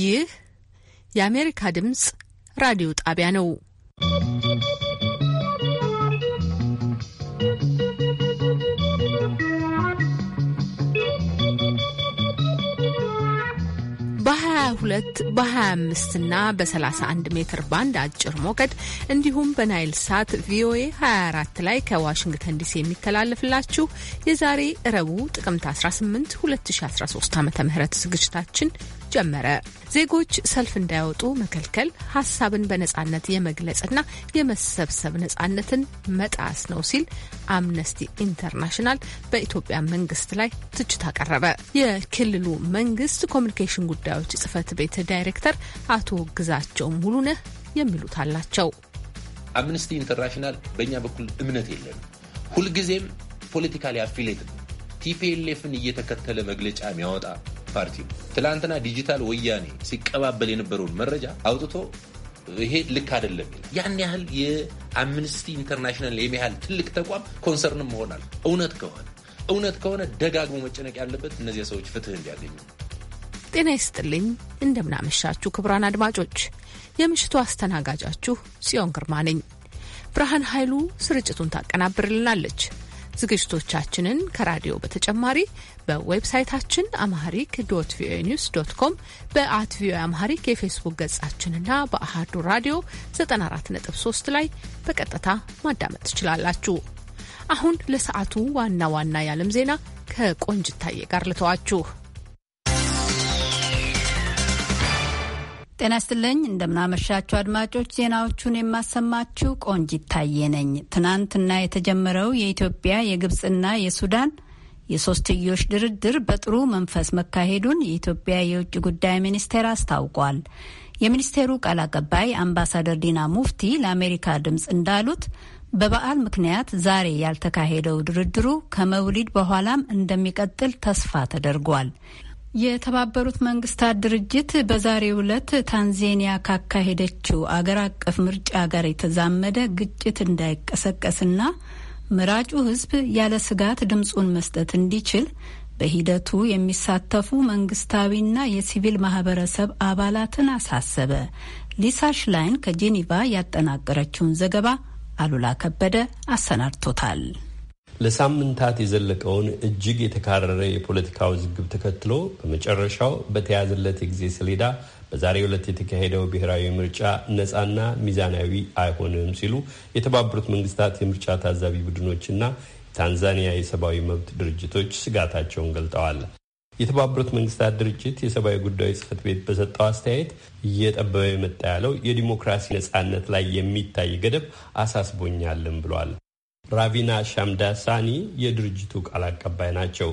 ይህ የአሜሪካ ድምጽ ራዲዮ ጣቢያ ነው። በ22 በ25 እና በ31 ሜትር ባንድ አጭር ሞገድ እንዲሁም በናይል ሳት ቪኦኤ 24 ላይ ከዋሽንግተን ዲሲ የሚተላለፍላችሁ የዛሬ እረቡ ጥቅምት 18 2013 ዓ ም ዝግጅታችን ጀመረ። ዜጎች ሰልፍ እንዳይወጡ መከልከል ሀሳብን በነጻነት የመግለጽና የመሰብሰብ ነጻነትን መጣስ ነው ሲል አምነስቲ ኢንተርናሽናል በኢትዮጵያ መንግስት ላይ ትችት አቀረበ። የክልሉ መንግስት ኮሚኒኬሽን ጉዳዮች ጽህፈት ቤት ዳይሬክተር አቶ ግዛቸው ሙሉነህ የሚሉት አላቸው። አምነስቲ ኢንተርናሽናል በእኛ በኩል እምነት የለም። ሁልጊዜም ፖለቲካሊ አፊሌት ቲፒኤልኤፍን እየተከተለ መግለጫ የሚያወጣ ፓርቲው ትላንትና ዲጂታል ወያኔ ሲቀባበል የነበረውን መረጃ አውጥቶ ይሄ ልክ አይደለም። ያን ያህል የአምነስቲ ኢንተርናሽናል የሚያህል ትልቅ ተቋም ኮንሰርንም መሆናል። እውነት ከሆነ እውነት ከሆነ ደጋግሞ መጨነቅ ያለበት እነዚያ ሰዎች ፍትህ እንዲያገኙ። ጤና ይስጥልኝ፣ እንደምናመሻችሁ ክቡራን አድማጮች፣ የምሽቱ አስተናጋጃችሁ ጽዮን ግርማ ነኝ። ብርሃን ኃይሉ ስርጭቱን ታቀናብርልናለች። ዝግጅቶቻችንን ከራዲዮ በተጨማሪ በዌብሳይታችን አምሃሪክ ዶት ቪኦኤ ኒውስ ዶት ኮም በአት ቪኦኤ አምሃሪክ የፌስቡክ ገጻችንና በአህዱ ራዲዮ 94.3 ላይ በቀጥታ ማዳመጥ ትችላላችሁ። አሁን ለሰዓቱ ዋና ዋና የዓለም ዜና ከቆንጅታዬ ጋር ልተዋችሁ። ጤና ይስጥልኝ እንደምናመሻችሁ አድማጮች፣ ዜናዎቹን የማሰማችሁ ቆንጅ ታዬ ነኝ። ትናንትና የተጀመረው የኢትዮጵያ የግብጽና የሱዳን የሶስትዮሽ ድርድር በጥሩ መንፈስ መካሄዱን የኢትዮጵያ የውጭ ጉዳይ ሚኒስቴር አስታውቋል። የሚኒስቴሩ ቃል አቀባይ አምባሳደር ዲና ሙፍቲ ለአሜሪካ ድምፅ እንዳሉት በበዓል ምክንያት ዛሬ ያልተካሄደው ድርድሩ ከመውሊድ በኋላም እንደሚቀጥል ተስፋ ተደርጓል። የተባበሩት መንግስታት ድርጅት በዛሬው ዕለት ታንዜኒያ ካካሄደችው አገር አቀፍ ምርጫ ጋር የተዛመደ ግጭት እንዳይቀሰቀስና መራጩ ህዝብ ያለ ስጋት ድምፁን መስጠት እንዲችል በሂደቱ የሚሳተፉ መንግስታዊና የሲቪል ማህበረሰብ አባላትን አሳሰበ። ሊሳ ሽላይን ከጄኒቫ ያጠናቀረችውን ዘገባ አሉላ ከበደ አሰናድቶታል። ለሳምንታት የዘለቀውን እጅግ የተካረረ የፖለቲካ ውዝግብ ተከትሎ በመጨረሻው በተያዘለት የጊዜ ሰሌዳ በዛሬ ዕለት የተካሄደው ብሔራዊ ምርጫ ነፃና ሚዛናዊ አይሆንም ሲሉ የተባበሩት መንግስታት የምርጫ ታዛቢ ቡድኖችና ታንዛኒያ የሰብአዊ መብት ድርጅቶች ስጋታቸውን ገልጠዋል። የተባበሩት መንግስታት ድርጅት የሰብአዊ ጉዳዮች ጽህፈት ቤት በሰጠው አስተያየት እየጠበበ የመጣ ያለው የዲሞክራሲ ነጻነት ላይ የሚታይ ገደብ አሳስቦኛልም ብሏል። ራቪና ሻምዳሳኒ የድርጅቱ ቃል አቀባይ ናቸው።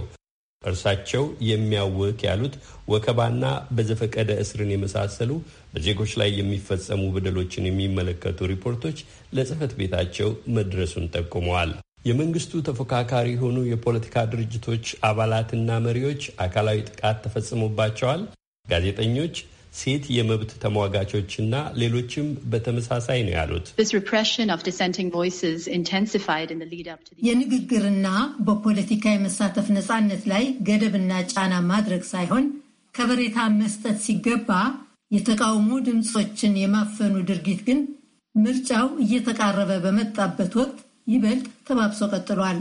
እርሳቸው የሚያውክ ያሉት ወከባና በዘፈቀደ እስርን የመሳሰሉ በዜጎች ላይ የሚፈጸሙ በደሎችን የሚመለከቱ ሪፖርቶች ለጽህፈት ቤታቸው መድረሱን ጠቁመዋል። የመንግስቱ ተፎካካሪ የሆኑ የፖለቲካ ድርጅቶች አባላትና መሪዎች አካላዊ ጥቃት ተፈጽሞባቸዋል። ጋዜጠኞች ሴት የመብት ተሟጋቾችና ሌሎችም በተመሳሳይ ነው ያሉት። የንግግርና በፖለቲካ የመሳተፍ ነፃነት ላይ ገደብና ጫና ማድረግ ሳይሆን ከበሬታ መስጠት ሲገባ የተቃውሞ ድምፆችን የማፈኑ ድርጊት ግን ምርጫው እየተቃረበ በመጣበት ወቅት ይበልጥ ተባብሶ ቀጥሏል።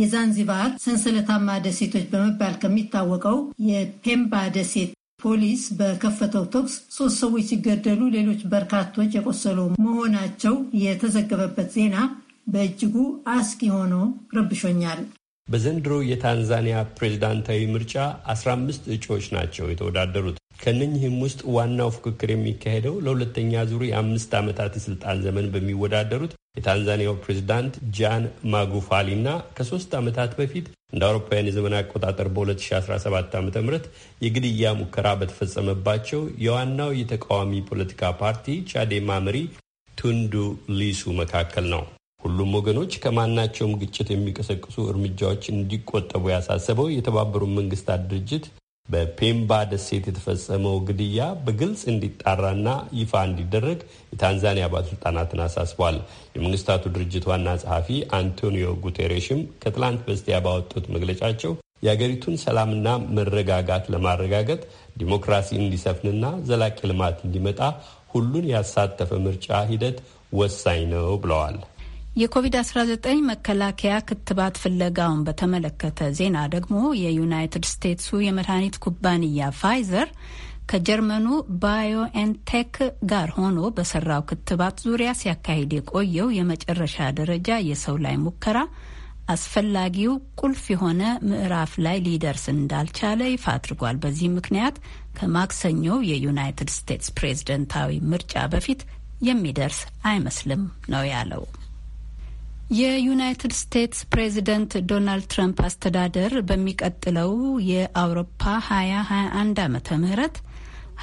የዛንዚባር ሰንሰለታማ ደሴቶች በመባል ከሚታወቀው የፔምባ ደሴት ፖሊስ በከፈተው ተኩስ ሶስት ሰዎች ሲገደሉ ሌሎች በርካቶች የቆሰሉ መሆናቸው የተዘገበበት ዜና በእጅጉ አስጊ ሆኖ ረብሾኛል። በዘንድሮ የታንዛኒያ ፕሬዝዳንታዊ ምርጫ 15 እጩዎች ናቸው የተወዳደሩት። ከነኚህም ውስጥ ዋናው ፉክክር የሚካሄደው ለሁለተኛ ዙር የአምስት ዓመታት የሥልጣን ዘመን በሚወዳደሩት የታንዛኒያው ፕሬዝዳንት ጃን ማጉፋሊ እና ከሶስት ዓመታት በፊት እንደ አውሮፓውያን የዘመን አቆጣጠር በ2017 ዓ ም የግድያ ሙከራ በተፈጸመባቸው የዋናው የተቃዋሚ ፖለቲካ ፓርቲ ቻዴማ መሪ ቱንዱ ሊሱ መካከል ነው። ሁሉም ወገኖች ከማናቸውም ግጭት የሚቀሰቅሱ እርምጃዎች እንዲቆጠቡ ያሳሰበው የተባበሩት መንግስታት ድርጅት በፔምባ ደሴት የተፈጸመው ግድያ በግልጽ እንዲጣራና ይፋ እንዲደረግ የታንዛኒያ ባለስልጣናትን አሳስቧል። የመንግስታቱ ድርጅት ዋና ጸሐፊ አንቶኒዮ ጉቴሬሽም ከትላንት በስቲያ ባወጡት መግለጫቸው የአገሪቱን ሰላምና መረጋጋት ለማረጋገጥ ዲሞክራሲ እንዲሰፍንና ዘላቂ ልማት እንዲመጣ ሁሉን ያሳተፈ ምርጫ ሂደት ወሳኝ ነው ብለዋል። የኮቪድ-19 መከላከያ ክትባት ፍለጋውን በተመለከተ ዜና ደግሞ የዩናይትድ ስቴትሱ የመድኃኒት ኩባንያ ፋይዘር ከጀርመኑ ባዮኤንቴክ ጋር ሆኖ በሰራው ክትባት ዙሪያ ሲያካሂድ የቆየው የመጨረሻ ደረጃ የሰው ላይ ሙከራ አስፈላጊው ቁልፍ የሆነ ምዕራፍ ላይ ሊደርስ እንዳልቻለ ይፋ አድርጓል። በዚህ ምክንያት ከማክሰኞው የዩናይትድ ስቴትስ ፕሬዝደንታዊ ምርጫ በፊት የሚደርስ አይመስልም ነው ያለው። የዩናይትድ ስቴትስ ፕሬዚደንት ዶናልድ ትራምፕ አስተዳደር በሚቀጥለው የአውሮፓ 2021 ዓመተ ምህረት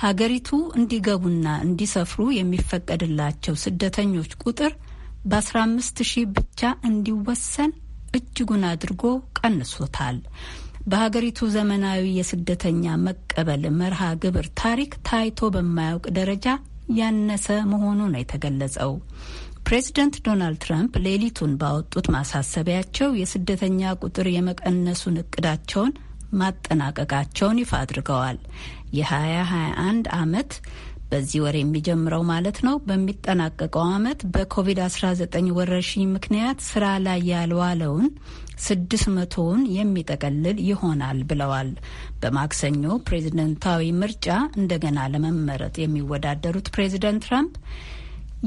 ሀገሪቱ እንዲገቡና እንዲሰፍሩ የሚፈቀድላቸው ስደተኞች ቁጥር በ15 ሺህ ብቻ እንዲወሰን እጅጉን አድርጎ ቀንሶታል። በሀገሪቱ ዘመናዊ የስደተኛ መቀበል መርሃ ግብር ታሪክ ታይቶ በማያውቅ ደረጃ ያነሰ መሆኑ ነው የተገለጸው። ፕሬዚደንት ዶናልድ ትራምፕ ሌሊቱን ባወጡት ማሳሰቢያቸው የስደተኛ ቁጥር የመቀነሱን እቅዳቸውን ማጠናቀቃቸውን ይፋ አድርገዋል። የ2021 ዓመት በዚህ ወር የሚጀምረው ማለት ነው። በሚጠናቀቀው ዓመት በኮቪድ-19 ወረርሽኝ ምክንያት ስራ ላይ ያልዋለውን ስድስት መቶውን የሚጠቀልል ይሆናል ብለዋል። በማክሰኞ ፕሬዝደንታዊ ምርጫ እንደገና ለመመረጥ የሚወዳደሩት ፕሬዝደንት ትራምፕ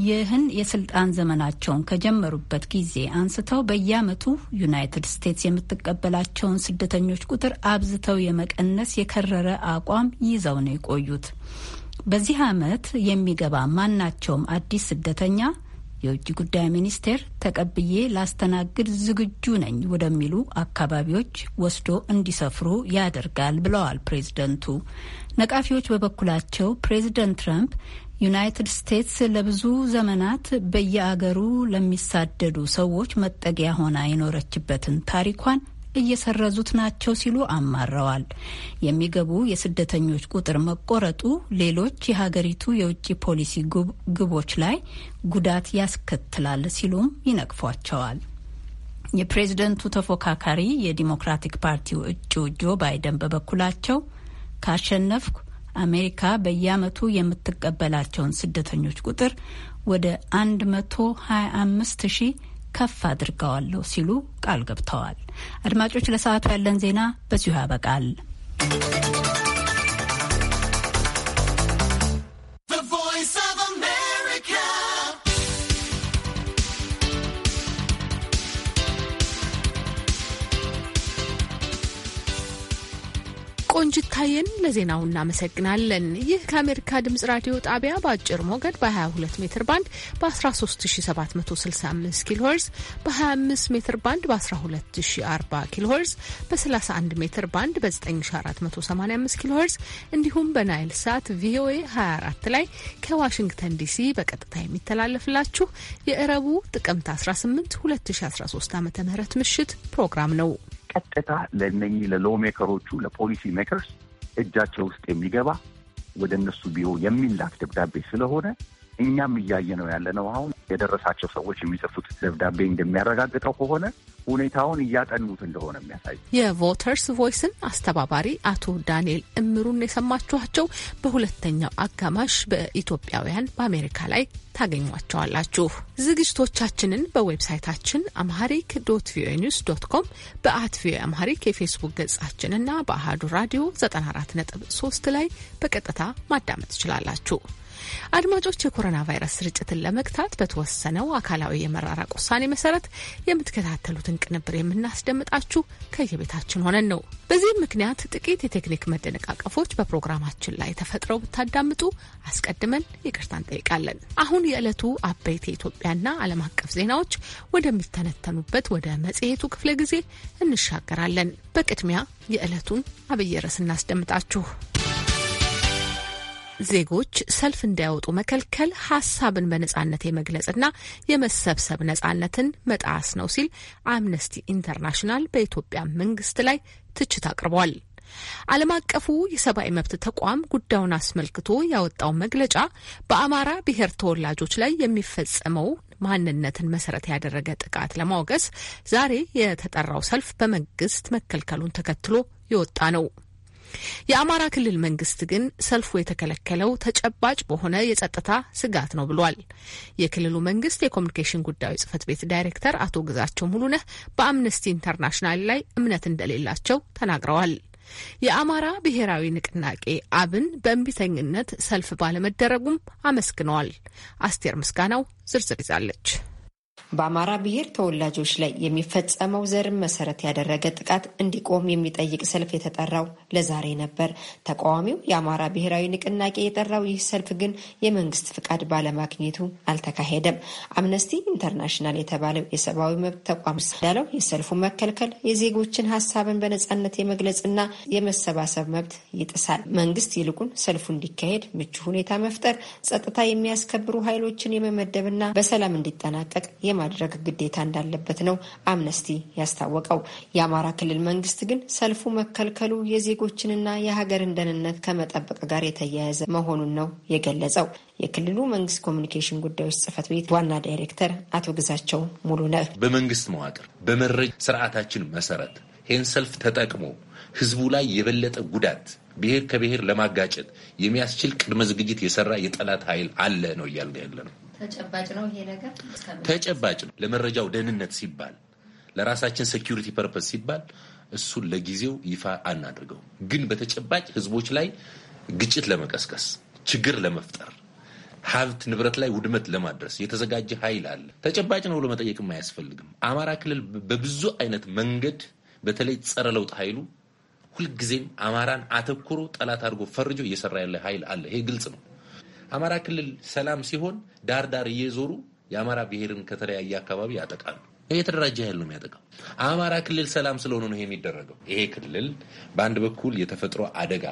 ይህን የስልጣን ዘመናቸውን ከጀመሩበት ጊዜ አንስተው በየአመቱ ዩናይትድ ስቴትስ የምትቀበላቸውን ስደተኞች ቁጥር አብዝተው የመቀነስ የከረረ አቋም ይዘው ነው የቆዩት። በዚህ አመት የሚገባ ማናቸውም አዲስ ስደተኛ የውጭ ጉዳይ ሚኒስቴር ተቀብዬ ላስተናግድ ዝግጁ ነኝ ወደሚሉ አካባቢዎች ወስዶ እንዲሰፍሩ ያደርጋል ብለዋል ፕሬዝደንቱ። ነቃፊዎች በበኩላቸው ፕሬዝደንት ትራምፕ ዩናይትድ ስቴትስ ለብዙ ዘመናት በየአገሩ ለሚሳደዱ ሰዎች መጠጊያ ሆና የኖረችበትን ታሪኳን እየሰረዙት ናቸው ሲሉ አማረዋል። የሚገቡ የስደተኞች ቁጥር መቆረጡ ሌሎች የሀገሪቱ የውጭ ፖሊሲ ግቦች ላይ ጉዳት ያስከትላል ሲሉም ይነቅፏቸዋል። የፕሬዝደንቱ ተፎካካሪ የዲሞክራቲክ ፓርቲው እጩ ጆ ባይደን በበኩላቸው ካሸነፍኩ አሜሪካ በየአመቱ የምትቀበላቸውን ስደተኞች ቁጥር ወደ 125 ሺህ ከፍ አድርገዋለሁ ሲሉ ቃል ገብተዋል። አድማጮች፣ ለሰዓቱ ያለን ዜና በዚሁ ያበቃል። ቆንጅታዬን ለዜናው እናመሰግናለን። ይህ ከአሜሪካ ድምጽ ራዲዮ ጣቢያ በአጭር ሞገድ በ22 ሜትር ባንድ በ13765 ኪሎ ሄርዝ፣ በ25 ሜትር ባንድ በ1240 ኪሎ ሄርዝ፣ በ31 ሜትር ባንድ በ9485 ኪሎ ሄርዝ እንዲሁም በናይል ሳት ቪኦኤ 24 ላይ ከዋሽንግተን ዲሲ በቀጥታ የሚተላለፍላችሁ የእረቡ ጥቅምት 18 2013 ዓ ም ምሽት ፕሮግራም ነው። ቀጥታ ለእነኚህ ለሎሜከሮቹ ለፖሊሲ ሜከርስ እጃቸው ውስጥ የሚገባ ወደ እነሱ ቢሮ የሚላክ ደብዳቤ ስለሆነ እኛም እያየ ነው ያለ ነው። አሁን የደረሳቸው ሰዎች የሚጽፉት ደብዳቤ እንደሚያረጋግጠው ከሆነ ሁኔታውን እያጠኑት እንደሆነ የሚያሳይ የቮተርስ ቮይስን አስተባባሪ አቶ ዳንኤል እምሩን የሰማችኋቸው። በሁለተኛው አጋማሽ በኢትዮጵያውያን በአሜሪካ ላይ ታገኟቸዋላችሁ። ዝግጅቶቻችንን በዌብሳይታችን አምሃሪክ ዶት ቪኦኤ ኒውስ ዶት ኮም በአት ቪኦኤ አምሃሪክ የፌስቡክ ገጻችንና በአህዱ ራዲዮ 94.3 ላይ በቀጥታ ማዳመጥ ትችላላችሁ። አድማጮች የኮሮና ቫይረስ ስርጭትን ለመግታት በተወሰነው አካላዊ የመራራቅ ውሳኔ መሰረት የምትከታተሉትን ቅንብር የምናስደምጣችሁ ከየቤታችን ሆነን ነው። በዚህም ምክንያት ጥቂት የቴክኒክ መደነቃቀፎች በፕሮግራማችን ላይ ተፈጥረው ብታዳምጡ አስቀድመን ይቅርታ እንጠይቃለን። አሁን የዕለቱ አበይት የኢትዮጵያና ዓለም አቀፍ ዜናዎች ወደሚተነተኑበት ወደ መጽሔቱ ክፍለ ጊዜ እንሻገራለን። በቅድሚያ የዕለቱን አብይ ርዕስ እናስደምጣችሁ። ዜጎች ሰልፍ እንዳይወጡ መከልከል ሀሳብን በነጻነት የመግለጽና የመሰብሰብ ነጻነትን መጣስ ነው ሲል አምነስቲ ኢንተርናሽናል በኢትዮጵያ መንግስት ላይ ትችት አቅርቧል። ዓለም አቀፉ የሰብአዊ መብት ተቋም ጉዳዩን አስመልክቶ ያወጣው መግለጫ በአማራ ብሔር ተወላጆች ላይ የሚፈጸመው ማንነትን መሰረት ያደረገ ጥቃት ለማውገዝ ዛሬ የተጠራው ሰልፍ በመንግስት መከልከሉን ተከትሎ የወጣ ነው። የአማራ ክልል መንግስት ግን ሰልፉ የተከለከለው ተጨባጭ በሆነ የጸጥታ ስጋት ነው ብሏል። የክልሉ መንግስት የኮሚኒኬሽን ጉዳዮች ጽህፈት ቤት ዳይሬክተር አቶ ግዛቸው ሙሉነህ በአምነስቲ ኢንተርናሽናል ላይ እምነት እንደሌላቸው ተናግረዋል። የአማራ ብሔራዊ ንቅናቄ አብን በእንቢተኝነት ሰልፍ ባለመደረጉም አመስግነዋል። አስቴር ምስጋናው ዝርዝር ይዛለች። በአማራ ብሔር ተወላጆች ላይ የሚፈጸመው ዘርን መሰረት ያደረገ ጥቃት እንዲቆም የሚጠይቅ ሰልፍ የተጠራው ለዛሬ ነበር። ተቃዋሚው የአማራ ብሔራዊ ንቅናቄ የጠራው ይህ ሰልፍ ግን የመንግስት ፍቃድ ባለማግኘቱ አልተካሄደም። አምነስቲ ኢንተርናሽናል የተባለው የሰብአዊ መብት ተቋም እንዳለው የሰልፉ መከልከል የዜጎችን ሀሳብን በነጻነት የመግለጽና የመሰባሰብ መብት ይጥሳል። መንግስት ይልቁን ሰልፉ እንዲካሄድ ምቹ ሁኔታ መፍጠር፣ ጸጥታ የሚያስከብሩ ኃይሎችን የመመደብና በሰላም እንዲጠናቀቅ የማ የማድረግ ግዴታ እንዳለበት ነው አምነስቲ ያስታወቀው። የአማራ ክልል መንግስት ግን ሰልፉ መከልከሉ የዜጎችንና የሀገርን ደህንነት ከመጠበቅ ጋር የተያያዘ መሆኑን ነው የገለጸው። የክልሉ መንግስት ኮሚኒኬሽን ጉዳዮች ጽህፈት ቤት ዋና ዳይሬክተር አቶ ግዛቸው ሙሉ ነህ በመንግስት መዋቅር በመረጃ ስርዓታችን መሰረት ይህን ሰልፍ ተጠቅሞ ህዝቡ ላይ የበለጠ ጉዳት ብሔር ከብሔር ለማጋጨት የሚያስችል ቅድመ ዝግጅት የሰራ የጠላት ኃይል አለ ነው እያልን ያለ ነው። ተጨባጭ ነው ይሄ ነገር ተጨባጭ ነው። ለመረጃው ደህንነት ሲባል ለራሳችን ሴኪሪቲ ፐርፐስ ሲባል እሱን ለጊዜው ይፋ አናድርገው፣ ግን በተጨባጭ ህዝቦች ላይ ግጭት ለመቀስቀስ ችግር ለመፍጠር ሀብት ንብረት ላይ ውድመት ለማድረስ የተዘጋጀ ኃይል አለ። ተጨባጭ ነው ብሎ መጠየቅም አያስፈልግም። አማራ ክልል በብዙ አይነት መንገድ በተለይ ጸረ ለውጥ ኃይሉ ሁልጊዜም አማራን አተኩሮ ጠላት አድርጎ ፈርጆ እየሰራ ያለ ኃይል አለ። ይሄ ግልጽ ነው። አማራ ክልል ሰላም ሲሆን ዳር ዳር እየዞሩ የአማራ ብሔርን ከተለያየ አካባቢ ያጠቃሉ። የተደራጀ ኃይል ነው የሚያጠቃው። አማራ ክልል ሰላም ስለሆነ ነው ይሄ የሚደረገው። ይሄ ክልል በአንድ በኩል የተፈጥሮ አደጋ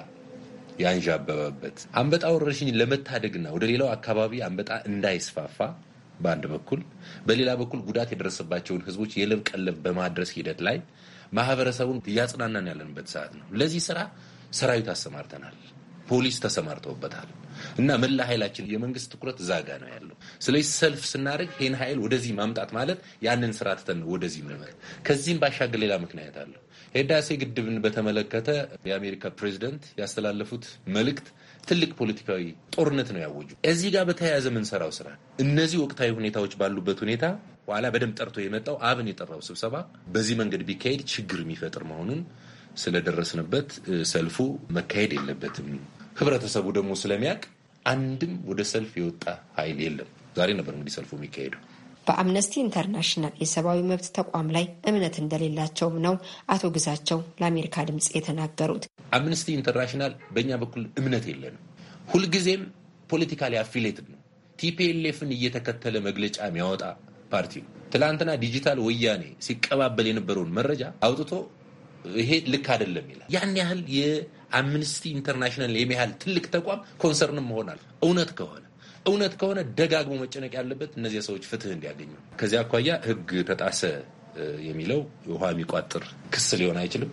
ያንዣበበበት አንበጣ ወረርሽኝ ለመታደግና ወደ ሌላው አካባቢ አንበጣ እንዳይስፋፋ በአንድ በኩል በሌላ በኩል ጉዳት የደረሰባቸውን ህዝቦች የለብ ቀለብ በማድረስ ሂደት ላይ ማህበረሰቡን እያጽናናን ያለንበት ሰዓት ነው። ለዚህ ስራ ሰራዊት አሰማርተናል። ፖሊስ ተሰማርተውበታል እና መላ ኃይላችን የመንግስት ትኩረት ዛጋ ነው ያለው። ስለዚህ ሰልፍ ስናደርግ ይህን ኃይል ወደዚህ ማምጣት ማለት ያንን ስራ ትተን ወደዚህ መመር። ከዚህም ባሻገር ሌላ ምክንያት አለው። የህዳሴ ግድብን በተመለከተ የአሜሪካ ፕሬዚደንት ያስተላለፉት መልእክት ትልቅ ፖለቲካዊ ጦርነት ነው ያወጁ። እዚህ ጋር በተያያዘ ምንሰራው ስራ እነዚህ ወቅታዊ ሁኔታዎች ባሉበት ሁኔታ ኋላ በደንብ ጠርቶ የመጣው አብን የጠራው ስብሰባ በዚህ መንገድ ቢካሄድ ችግር የሚፈጥር መሆኑን ስለደረስንበት ሰልፉ መካሄድ የለበትም። ህብረተሰቡ ደግሞ ስለሚያውቅ አንድም ወደ ሰልፍ የወጣ ኃይል የለም። ዛሬ ነበር እንግዲህ ሰልፉ የሚካሄደው። በአምነስቲ ኢንተርናሽናል የሰብአዊ መብት ተቋም ላይ እምነት እንደሌላቸውም ነው አቶ ግዛቸው ለአሜሪካ ድምፅ የተናገሩት። አምነስቲ ኢንተርናሽናል በእኛ በኩል እምነት የለንም። ሁልጊዜም ፖለቲካሊ አፊሌትድ ነው። ቲፒኤልኤፍን እየተከተለ መግለጫ የሚያወጣ ፓርቲ ነው። ትላንትና ዲጂታል ወያኔ ሲቀባበል የነበረውን መረጃ አውጥቶ ይሄ ልክ አይደለም ይላል። ያን ያህል የአምነስቲ ኢንተርናሽናል የሚያህል ትልቅ ተቋም ኮንሰርንም መሆናል እውነት ከሆነ እውነት ከሆነ ደጋግሞ መጨነቅ ያለበት እነዚህ ሰዎች ፍትህ እንዲያገኙ። ከዚህ አኳያ ህግ ተጣሰ የሚለው ውሃ የሚቋጥር ክስ ሊሆን አይችልም።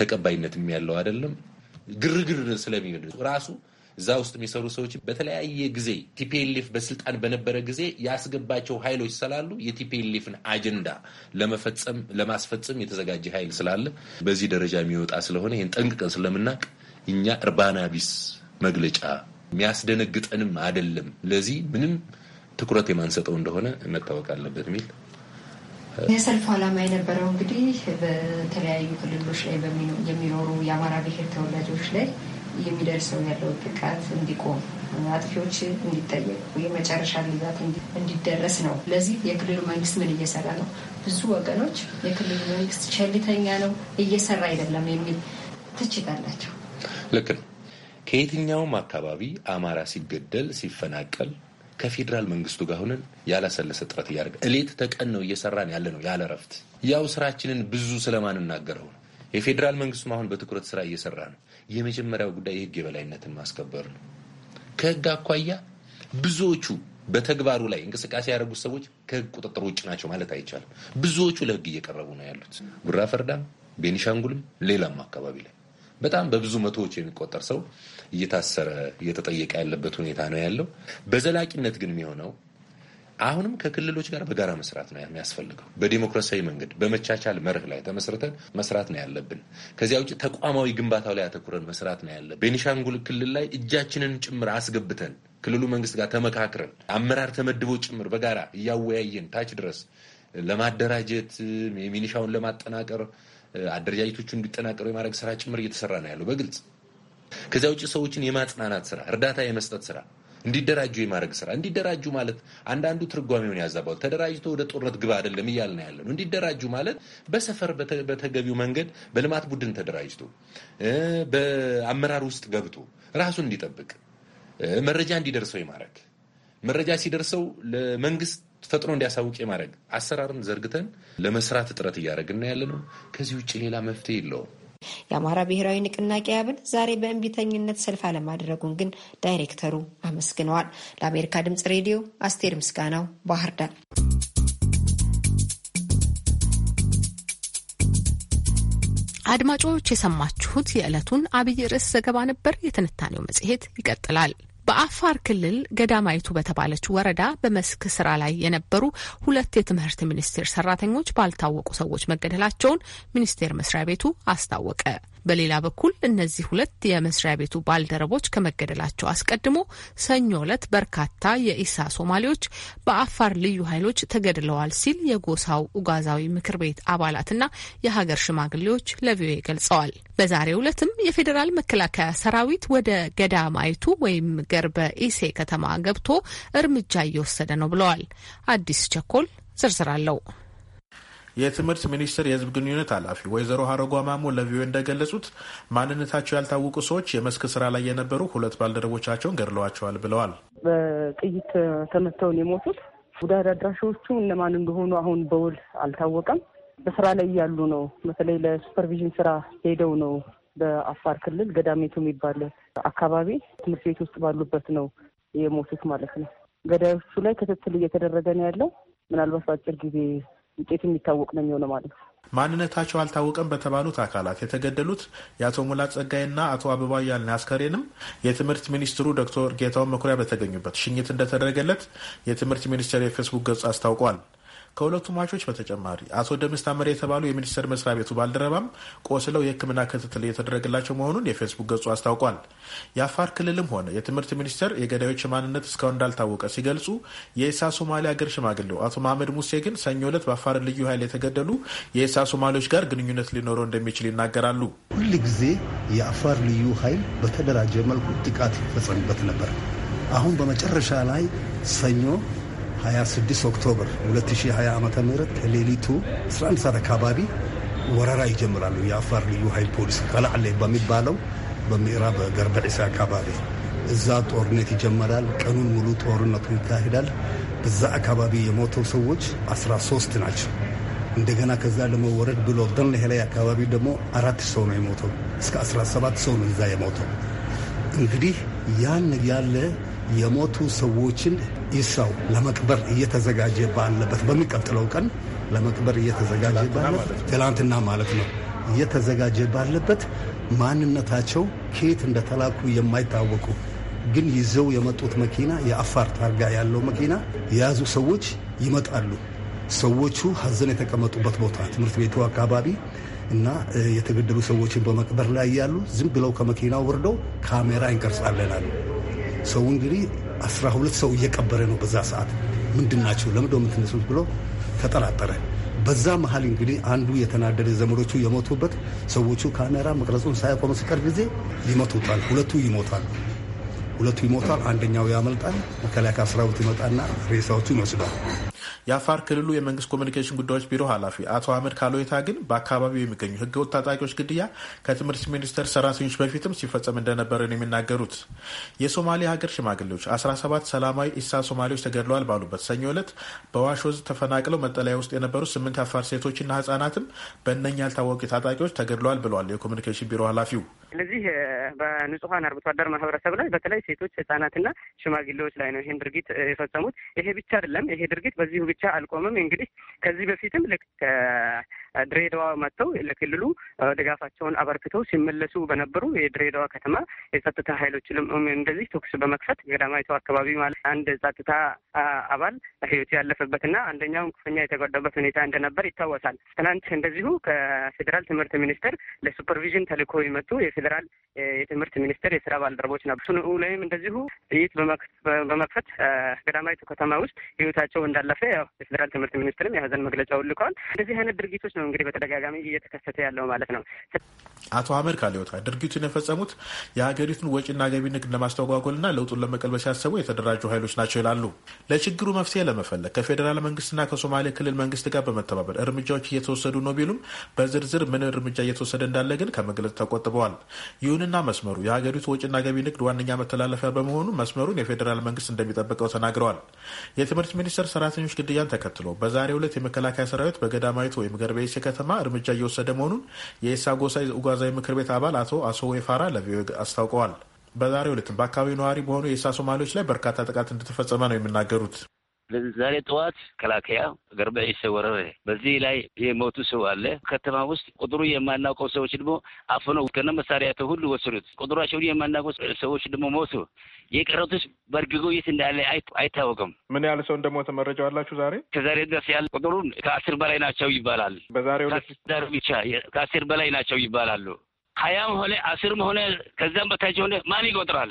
ተቀባይነትም ያለው አይደለም። ግርግር ስለሚሆን ራሱ እዛ ውስጥ የሚሰሩ ሰዎች በተለያየ ጊዜ ቲፒኤልኤፍ በስልጣን በነበረ ጊዜ ያስገባቸው ኃይሎች ስላሉ የቲፒኤልኤፍን አጀንዳ ለመፈጸም ለማስፈጸም የተዘጋጀ ኃይል ስላለ በዚህ ደረጃ የሚወጣ ስለሆነ ይህን ጠንቅቀን ስለምናውቅ እኛ እርባና ቢስ መግለጫ የሚያስደነግጠንም አይደለም። ለዚህ ምንም ትኩረት የማንሰጠው እንደሆነ መታወቅ አለበት የሚል የሰልፍ ዓላማ የነበረው እንግዲህ በተለያዩ ክልሎች ላይ የሚኖሩ የአማራ ብሔር ተወላጆች ላይ የሚደርሰው ያለው ጥቃት እንዲቆም አጥፊዎች እንዲጠየቁ የመጨረሻ ግዛት እንዲደረስ ነው። ለዚህ የክልሉ መንግስት ምን እየሰራ ነው? ብዙ ወገኖች የክልሉ መንግስት ቸልተኛ ነው፣ እየሰራ አይደለም የሚል ትችት አላቸው። ልክ ነው። ከየትኛውም አካባቢ አማራ ሲገደል፣ ሲፈናቀል ከፌዴራል መንግስቱ ጋር ሆነን ያላሰለሰ ጥረት እያደረገ እሌት ተቀን ነው እየሰራን ያለ ነው ያለ እረፍት። ያው ስራችንን ብዙ ስለማንናገረው ነው የፌዴራል መንግስቱም አሁን በትኩረት ስራ እየሰራ ነው። የመጀመሪያው ጉዳይ የህግ የበላይነትን ማስከበር ነው። ከህግ አኳያ ብዙዎቹ በተግባሩ ላይ እንቅስቃሴ ያደረጉት ሰዎች ከህግ ቁጥጥር ውጭ ናቸው ማለት አይቻልም። ብዙዎቹ ለህግ እየቀረቡ ነው ያሉት ጉራ ፈርዳም፣ ቤኒሻንጉልም ሌላም አካባቢ ላይ በጣም በብዙ መቶዎች የሚቆጠር ሰው እየታሰረ እየተጠየቀ ያለበት ሁኔታ ነው ያለው። በዘላቂነት ግን የሚሆነው አሁንም ከክልሎች ጋር በጋራ መስራት ነው የሚያስፈልገው። በዲሞክራሲያዊ መንገድ በመቻቻል መርህ ላይ ተመስርተን መስራት ነው ያለብን። ከዚያ ውጭ ተቋማዊ ግንባታው ላይ አተኩረን መስራት ነው ያለብን። ቤኒሻንጉል ክልል ላይ እጃችንን ጭምር አስገብተን ክልሉ መንግስት ጋር ተመካክረን አመራር ተመድቦ ጭምር በጋራ እያወያየን ታች ድረስ ለማደራጀት የሚኒሻውን ለማጠናቀር አደረጃጀቶቹ እንዲጠናቀሩ የማድረግ ስራ ጭምር እየተሰራ ነው ያለው በግልጽ ከዚያ ውጭ ሰዎችን የማጽናናት ስራ፣ እርዳታ የመስጠት ስራ እንዲደራጁ የማድረግ ስራ እንዲደራጁ ማለት አንዳንዱ ትርጓሜውን ያዛባል። ተደራጅቶ ወደ ጦርነት ግባ አይደለም እያልን ነው እንዲደራጁ ማለት በሰፈር በተገቢው መንገድ በልማት ቡድን ተደራጅቶ በአመራር ውስጥ ገብቶ ራሱን እንዲጠብቅ መረጃ እንዲደርሰው የማድረግ መረጃ ሲደርሰው ለመንግስት ፈጥኖ እንዲያሳውቅ የማድረግ አሰራርን ዘርግተን ለመስራት እጥረት እያደረግን ያለ ነው። ከዚህ ውጭ ሌላ መፍትሄ የለውም። የአማራ ብሔራዊ ንቅናቄ አብን ዛሬ በእንቢተኝነት ሰልፍ አለማድረጉን ግን ዳይሬክተሩ አመስግነዋል። ለአሜሪካ ድምጽ ሬዲዮ አስቴር ምስጋናው ባህር ዳር። አድማጮች የሰማችሁት የዕለቱን አብይ ርዕስ ዘገባ ነበር። የትንታኔው መጽሔት ይቀጥላል። በአፋር ክልል ገዳማይቱ በተባለች ወረዳ በመስክ ስራ ላይ የነበሩ ሁለት የትምህርት ሚኒስቴር ሰራተኞች ባልታወቁ ሰዎች መገደላቸውን ሚኒስቴር መስሪያ ቤቱ አስታወቀ። በሌላ በኩል እነዚህ ሁለት የመስሪያ ቤቱ ባልደረቦች ከመገደላቸው አስቀድሞ ሰኞ ዕለት በርካታ የኢሳ ሶማሌዎች በአፋር ልዩ ኃይሎች ተገድለዋል ሲል የጎሳው ኡጋዛዊ ምክር ቤት አባላትና የሀገር ሽማግሌዎች ለቪኦኤ ገልጸዋል። በዛሬው ዕለትም የፌዴራል መከላከያ ሰራዊት ወደ ገዳማይቱ ወይም ገርበ ኢሴ ከተማ ገብቶ እርምጃ እየወሰደ ነው ብለዋል። አዲስ ቸኮል ዝርዝር አለው። የትምህርት ሚኒስቴር የህዝብ ግንኙነት ኃላፊ ወይዘሮ ሀረጓ ማሞ ለቪኦኤ እንደገለጹት ማንነታቸው ያልታወቁ ሰዎች የመስክ ስራ ላይ የነበሩ ሁለት ባልደረቦቻቸውን ገድለዋቸዋል ብለዋል። በጥይት ተመተውን የሞቱት ጉዳት አድራሾቹ እነማን እንደሆኑ አሁን በውል አልታወቀም። በስራ ላይ ያሉ ነው። በተለይ ለሱፐርቪዥን ስራ ሄደው ነው። በአፋር ክልል ገዳሜቱ የሚባል አካባቢ ትምህርት ቤት ውስጥ ባሉበት ነው የሞቱት ማለት ነው። ገዳዮቹ ላይ ክትትል እየተደረገ ነው ያለው። ምናልባት በአጭር ጊዜ ውጤት የሚታወቅ ነው የሚሆነ ማለት ነው። ማንነታቸው አልታወቀም በተባሉት አካላት የተገደሉት የአቶ ሙላ ጸጋይና አቶ አበባ ያልን አስከሬንም የትምህርት ሚኒስትሩ ዶክተር ጌታሁን መኩሪያ በተገኙበት ሽኝት እንደተደረገለት የትምህርት ሚኒስቴር የፌስቡክ ገጽ አስታውቋል። ከሁለቱ ሟቾች በተጨማሪ አቶ ደምስ ታመረ የተባሉ የሚኒስቴር መስሪያ ቤቱ ባልደረባም ቆስለው የሕክምና ክትትል እየተደረገላቸው መሆኑን የፌስቡክ ገጹ አስታውቋል። የአፋር ክልልም ሆነ የትምህርት ሚኒስቴር የገዳዮች ማንነት እስካሁን እንዳልታወቀ ሲገልጹ የኢሳ ሶማሌ ሀገር ሽማግሌው አቶ መሀመድ ሙሴ ግን ሰኞ ዕለት በአፋር ልዩ ኃይል የተገደሉ የኢሳ ሶማሌዎች ጋር ግንኙነት ሊኖረው እንደሚችል ይናገራሉ። ሁል ጊዜ የአፋር ልዩ ኃይል በተደራጀ መልኩ ጥቃት ይፈጸምበት ነበር። አሁን በመጨረሻ ላይ ሰኞ 26 ኦክቶበር 2020 ዓ ም ከሌሊቱ 11 ሰዓት አካባቢ ወረራ ይጀምራሉ። የአፋር ልዩ ኃይል ፖሊስ ቀላዕሌ በሚባለው በምዕራብ ገርበዒሳ አካባቢ እዛ ጦርነት ይጀመራል። ቀኑን ሙሉ ጦርነቱ ይካሄዳል። በዛ አካባቢ የሞተው ሰዎች 13 ናቸው። እንደገና ከዛ ለመወረድ ብሎ ደንለሄ ላይ አካባቢ ደግሞ አራት ሰው ነው የሞተው። እስከ 17 ሰው ነው እዛ የሞተው። እንግዲህ ያን ያለ የሞቱ ሰዎችን ይሳው ለመቅበር እየተዘጋጀ ባለበት በሚቀጥለው ቀን ለመቅበር እየተዘጋጀ ባለበት ትላንትና ማለት ነው እየተዘጋጀ ባለበት ማንነታቸው ከየት እንደተላኩ የማይታወቁ ግን ይዘው የመጡት መኪና የአፋር ታርጋ ያለው መኪና የያዙ ሰዎች ይመጣሉ። ሰዎቹ ሀዘን የተቀመጡበት ቦታ ትምህርት ቤቱ አካባቢ እና የተገደሉ ሰዎችን በመቅበር ላይ ያሉ ዝም ብለው ከመኪናው ወርደው ካሜራ ይንቀርጻለናል። ሰው እንግዲህ አስራ ሁለት ሰው እየቀበረ ነው በዛ ሰዓት። ምንድን ናቸው ለምደ የምትነሱት ብሎ ተጠራጠረ። በዛ መሀል እንግዲህ አንዱ የተናደደ ዘመዶቹ የሞቱበት ሰዎቹ ካሜራ መቅረጹን ሳያቆመ ሲቀር ጊዜ ይመቱታል። ሁለቱ ይሞታል፣ ሁለቱ ይሞታል። አንደኛው ያመልጣል። መከላከያ ሰራዊት ይመጣና ሬሳዎቹን ይወስዳል። የአፋር ክልሉ የመንግስት ኮሚኒኬሽን ጉዳዮች ቢሮ ኃላፊ አቶ አህመድ ካሎይታ ግን በአካባቢው የሚገኙ ህገወጥ ታጣቂዎች ግድያ ከትምህርት ሚኒስቴር ሰራተኞች በፊትም ሲፈጸም እንደነበረ ነው የሚናገሩት። የሶማሌ ሀገር ሽማግሌዎች 17 ሰላማዊ ኢሳ ሶማሌዎች ተገድለዋል ባሉበት ሰኞ ዕለት በዋሾዝ ተፈናቅለው መጠለያ ውስጥ የነበሩ ስምንት የአፋር ሴቶችና ህጻናትም በእነኛ ያልታወቁ ታጣቂዎች ተገድለዋል ብለዋል የኮሚኒኬሽን ቢሮ ኃላፊው። እነዚህ በንጹሀን አርብቶ አደር ማህበረሰብ ላይ በተለይ ሴቶች ህጻናትና ሽማግሌዎች ላይ ነው ይህን ድርጊት የፈጸሙት። ይሄ ብቻ አይደለም። ይሄ ድርጊት በዚሁ ብቻ አልቆምም። እንግዲህ ከዚህ በፊትም ልክ ድሬዳዋ መጥተው ለክልሉ ድጋፋቸውን አበርክተው ሲመለሱ በነበሩ የድሬዳዋ ከተማ የጸጥታ ኃይሎች እንደዚህ ተኩስ በመክፈት ገዳማይቱ አካባቢ ማለት አንድ ጸጥታ አባል ህይወቱ ያለፈበትና አንደኛውን ክፍኛ የተጓዳበት ሁኔታ እንደነበር ይታወሳል። ትናንት እንደዚሁ ከፌዴራል ትምህርት ሚኒስቴር ለሱፐርቪዥን ተልእኮ የመጡ የፌዴራል የትምህርት ሚኒስቴር የስራ ባልደረቦች ነበሩ። ሱን ላይም እንደዚሁ ጥይት በመክፈት ገዳማዊቱ ከተማ ውስጥ ህይወታቸው እንዳለፈ ያው የፌዴራል ትምህርት ሚኒስትርም የሀዘን መግለጫውን ልከዋል። እንደዚህ አይነት ድርጊቶች ነው እንግዲህ በተደጋጋሚ እየተከሰተ ያለው ማለት ነው። አቶ አህመድ ካሊዮታ ድርጊቱን የፈጸሙት የሀገሪቱን ወጪና ገቢ ንግድ ለማስተጓጎልና ለውጡን ለመቀልበስ ያሰቡ የተደራጁ ኃይሎች ናቸው ይላሉ። ለችግሩ መፍትሄ ለመፈለግ ከፌዴራል መንግስትና ከሶማሌ ክልል መንግስት ጋር በመተባበር እርምጃዎች እየተወሰዱ ነው ቢሉም በዝርዝር ምን እርምጃ እየተወሰደ እንዳለ ግን ከመግለጽ ተቆጥበዋል። ይሁንና መስመሩ የሀገሪቱ ወጪና ገቢ ንግድ ዋነኛ መተላለፊያ በመሆኑ መስመሩን የፌዴራል መንግስት እንደሚጠብቀው ተናግረዋል። የትምህርት ሚኒስቴር ሰራተኞች ግድያን ተከትሎ በዛሬው ዕለት የመከላከያ ሰራዊት በገዳማዊት ወይም ገርቤ በደሴ ከተማ እርምጃ እየወሰደ መሆኑን የኢሳ ጎሳ ኡጋዛዊ ምክር ቤት አባል አቶ አሶ ፋራ ለቪኦኤ አስታውቀዋል። በዛሬው ዕለትም በአካባቢው ነዋሪ በሆኑ የኢሳ ሶማሌዎች ላይ በርካታ ጥቃት እንደተፈጸመ ነው የሚናገሩት። ዛሬ ጠዋት ከላከያ ገርበ ይሰወረረ በዚህ ላይ የሞቱ ሰው አለ። ከተማ ውስጥ ቁጥሩ የማናውቀው ሰዎች ደግሞ አፍነው ከነ መሳሪያቸው ሁሉ ወሰዱት። ቁጥሯቸውን የማናውቀው ሰዎች ደግሞ ሞቱ። የቀረቱስ በእርግጎ የት እንዳለ አይታወቅም። ምን ያህል ሰው እንደሞተ መረጃ አላችሁ? ዛሬ ከዛሬ ድረስ ያለ ቁጥሩን ከአስር በላይ ናቸው ይባላል። በዛሬ ብቻ ከአስር በላይ ናቸው ይባላሉ። ሀያም ሆነ አስርም ሆነ ከዛም በታች ሆነ ማን ይቆጥራል?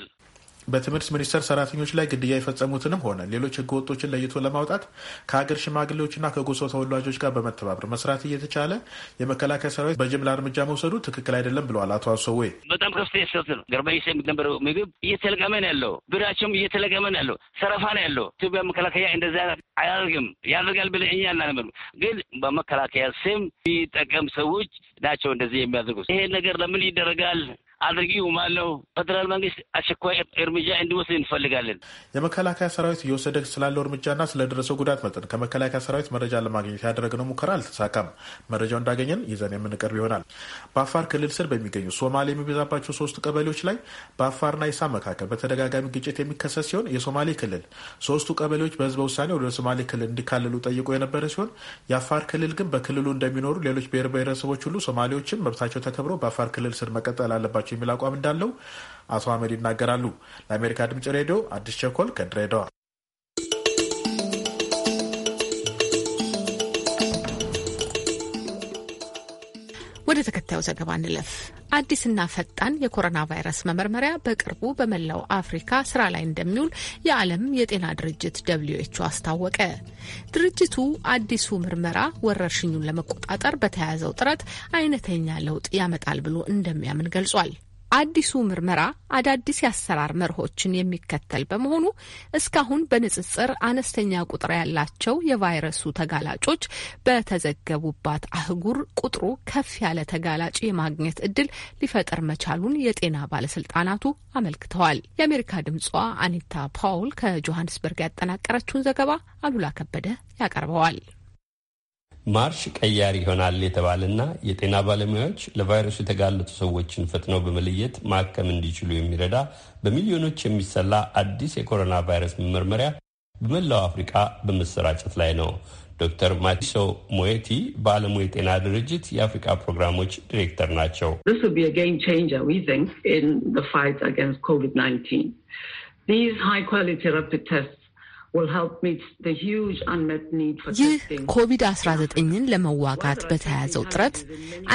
በትምህርት ሚኒስቴር ሰራተኞች ላይ ግድያ የፈጸሙትንም ሆነ ሌሎች ህገወጦችን ለይቶ ለማውጣት ከሀገር ሽማግሌዎችና ከጎሶ ተወላጆች ጋር በመተባበር መስራት እየተቻለ የመከላከያ ሰራዊት በጅምላ እርምጃ መውሰዱ ትክክል አይደለም ብለዋል አቶ አሶዌ። በጣም ከፍተኛ ስህተት ነው። ገርባይስ የምትነበረው ምግብ እየተለቀመ ነው ያለው፣ ብራቸውም እየተለቀመ ነው ያለው፣ ሰረፋ ነው ያለው። ኢትዮጵያ መከላከያ እንደዛ አያደርግም። ያደርጋል ብለን እኛ እናነበር፣ ግን በመከላከያ ስም የሚጠቀም ሰዎች ናቸው እንደዚህ የሚያደርጉት። ይሄ ነገር ለምን ይደረጋል? አድርጊ ማለው ፌደራል መንግስት አስቸኳይ እርምጃ እንዲወስድ እንፈልጋለን። የመከላከያ ሰራዊት እየወሰደ ስላለው እርምጃና ስለደረሰው ጉዳት መጠን ከመከላከያ ሰራዊት መረጃ ለማግኘት ያደረግነው ሙከራ አልተሳካም። መረጃው እንዳገኘን ይዘን የምንቀርብ ይሆናል። በአፋር ክልል ስር በሚገኙ ሶማሌ የሚበዛባቸው ሶስት ቀበሌዎች ላይ በአፋርና ኢሳ መካከል በተደጋጋሚ ግጭት የሚከሰት ሲሆን የሶማሌ ክልል ሶስቱ ቀበሌዎች በህዝበ ውሳኔ ወደ ሶማሌ ክልል እንዲካለሉ ጠይቆ የነበረ ሲሆን የአፋር ክልል ግን በክልሉ እንደሚኖሩ ሌሎች ብሔር ብሔረሰቦች ሁሉ ሶማሌዎችም መብታቸው ተከብሮ በአፋር ክልል ስር መቀጠል አለባቸው አለባቸው የሚል አቋም እንዳለው አቶ አህመድ ይናገራሉ። ለአሜሪካ ድምጽ ሬዲዮ አዲስ ቸኮል ከድሬዳዋ። ወደ ተከታዩ ዘገባ እንለፍ። አዲስና ፈጣን የኮሮና ቫይረስ መመርመሪያ በቅርቡ በመላው አፍሪካ ስራ ላይ እንደሚውል የዓለም የጤና ድርጅት ደብልዩ ኤች ኦ አስታወቀ። ድርጅቱ አዲሱ ምርመራ ወረርሽኙን ለመቆጣጠር በተያያዘው ጥረት አይነተኛ ለውጥ ያመጣል ብሎ እንደሚያምን ገልጿል። አዲሱ ምርመራ አዳዲስ የአሰራር መርሆችን የሚከተል በመሆኑ እስካሁን በንጽጽር አነስተኛ ቁጥር ያላቸው የቫይረሱ ተጋላጮች በተዘገቡባት አህጉር ቁጥሩ ከፍ ያለ ተጋላጭ የማግኘት እድል ሊፈጠር መቻሉን የጤና ባለስልጣናቱ አመልክተዋል። የአሜሪካ ድምጿ አኒታ ፓውል ከጆሀንስበርግ ያጠናቀረችውን ዘገባ አሉላ ከበደ ያቀርበዋል። ማርሽ ቀያሪ ይሆናል የተባለና የጤና ባለሙያዎች ለቫይረሱ የተጋለጡ ሰዎችን ፈጥነው በመለየት ማከም እንዲችሉ የሚረዳ በሚሊዮኖች የሚሰላ አዲስ የኮሮና ቫይረስ መመርመሪያ በመላው አፍሪቃ በመሰራጨት ላይ ነው። ዶክተር ማቲሶ ሞየቲ በዓለሙ የጤና ድርጅት የአፍሪካ ፕሮግራሞች ዲሬክተር ናቸው። ይህ ኮቪድ-19ን ለመዋጋት በተያያዘው ጥረት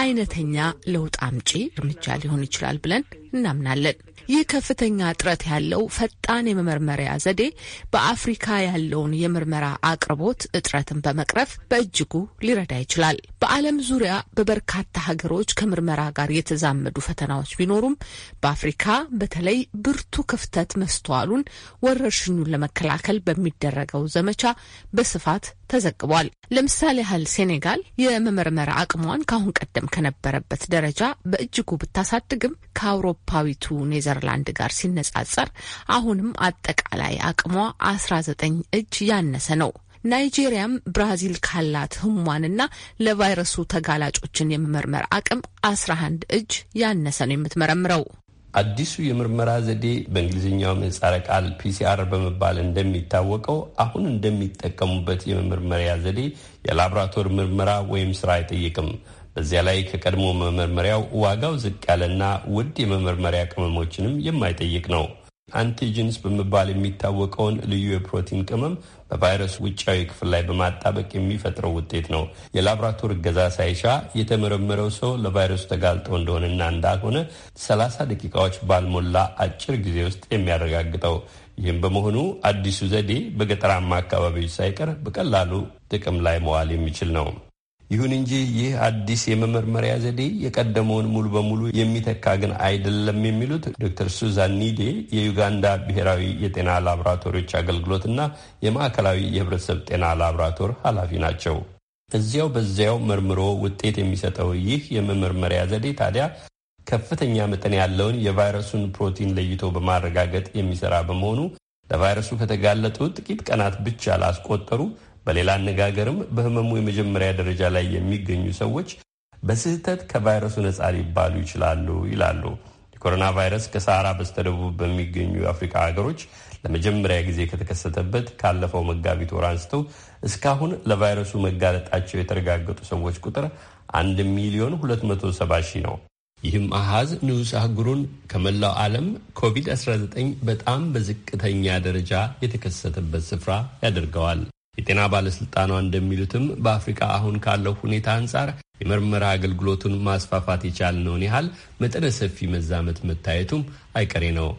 አይነተኛ ለውጥ አምጪ እርምጃ ሊሆን ይችላል ብለን እናምናለን። ይህ ከፍተኛ ጥረት ያለው ፈጣን የመመርመሪያ ዘዴ በአፍሪካ ያለውን የምርመራ አቅርቦት እጥረትን በመቅረፍ በእጅጉ ሊረዳ ይችላል። በዓለም ዙሪያ በበርካታ ሀገሮች ከምርመራ ጋር የተዛመዱ ፈተናዎች ቢኖሩም በአፍሪካ በተለይ ብርቱ ክፍተት መስተዋሉን ወረርሽኙን ለመከላከል በሚደረገው ዘመቻ በስፋት ተዘግቧል። ለምሳሌ ያህል ሴኔጋል የመመርመር አቅሟን ከአሁን ቀደም ከነበረበት ደረጃ በእጅጉ ብታሳድግም ከአውሮፓዊቱ ኔዘርላንድ ጋር ሲነጻጸር አሁንም አጠቃላይ አቅሟ 19 እጅ ያነሰ ነው። ናይጄሪያም ብራዚል ካላት ህሟንና ለቫይረሱ ተጋላጮችን የመመርመር አቅም 11 እጅ ያነሰ ነው የምትመረምረው። አዲሱ የምርመራ ዘዴ በእንግሊዝኛው ምህጻረ ቃል ፒሲአር በመባል እንደሚታወቀው አሁን እንደሚጠቀሙበት የመመርመሪያ ዘዴ የላብራቶር ምርመራ ወይም ስራ አይጠይቅም። በዚያ ላይ ከቀድሞ መመርመሪያው ዋጋው ዝቅ ያለና ውድ የመመርመሪያ ቅመሞችንም የማይጠይቅ ነው። አንቲጂንስ በመባል የሚታወቀውን ልዩ የፕሮቲን ቅመም በቫይረሱ ውጫዊ ክፍል ላይ በማጣበቅ የሚፈጥረው ውጤት ነው። የላብራቶር እገዛ ሳይሻ የተመረመረው ሰው ለቫይረሱ ተጋልጦ እንደሆነና እንዳልሆነ 30 ደቂቃዎች ባልሞላ አጭር ጊዜ ውስጥ የሚያረጋግጠው ይህም በመሆኑ አዲሱ ዘዴ በገጠራማ አካባቢዎች ሳይቀር በቀላሉ ጥቅም ላይ መዋል የሚችል ነው። ይሁን እንጂ ይህ አዲስ የመመርመሪያ ዘዴ የቀደመውን ሙሉ በሙሉ የሚተካ ግን አይደለም የሚሉት ዶክተር ሱዛን ኒዴ የዩጋንዳ ብሔራዊ የጤና ላቦራቶሪዎች እና የማዕከላዊ የህብረተሰብ ጤና ላቦራቶር ኃላፊ ናቸው። እዚያው በዚያው መርምሮ ውጤት የሚሰጠው ይህ የመመርመሪያ ዘዴ ታዲያ ከፍተኛ መጠን ያለውን የቫይረሱን ፕሮቲን ለይቶ በማረጋገጥ የሚሰራ በመሆኑ ለቫይረሱ ከተጋለጡ ጥቂት ቀናት ብቻ ላስቆጠሩ በሌላ አነጋገርም በህመሙ የመጀመሪያ ደረጃ ላይ የሚገኙ ሰዎች በስህተት ከቫይረሱ ነፃ ሊባሉ ይችላሉ ይላሉ። የኮሮና ቫይረስ ከሰሃራ በስተደቡብ በሚገኙ የአፍሪካ ሀገሮች ለመጀመሪያ ጊዜ ከተከሰተበት ካለፈው መጋቢት ወር አንስተው እስካሁን ለቫይረሱ መጋለጣቸው የተረጋገጡ ሰዎች ቁጥር 1 ሚሊዮን 270 ሺህ ነው። ይህም አሃዝ ንዑስ አህጉሩን ከመላው ዓለም ኮቪድ-19 በጣም በዝቅተኛ ደረጃ የተከሰተበት ስፍራ ያደርገዋል። የጤና ባለስልጣኗ እንደሚሉትም በአፍሪካ አሁን ካለው ሁኔታ አንጻር የምርመራ አገልግሎቱን ማስፋፋት የቻልነውን ያህል መጠነ ሰፊ መዛመት መታየቱም አይቀሬ ነው።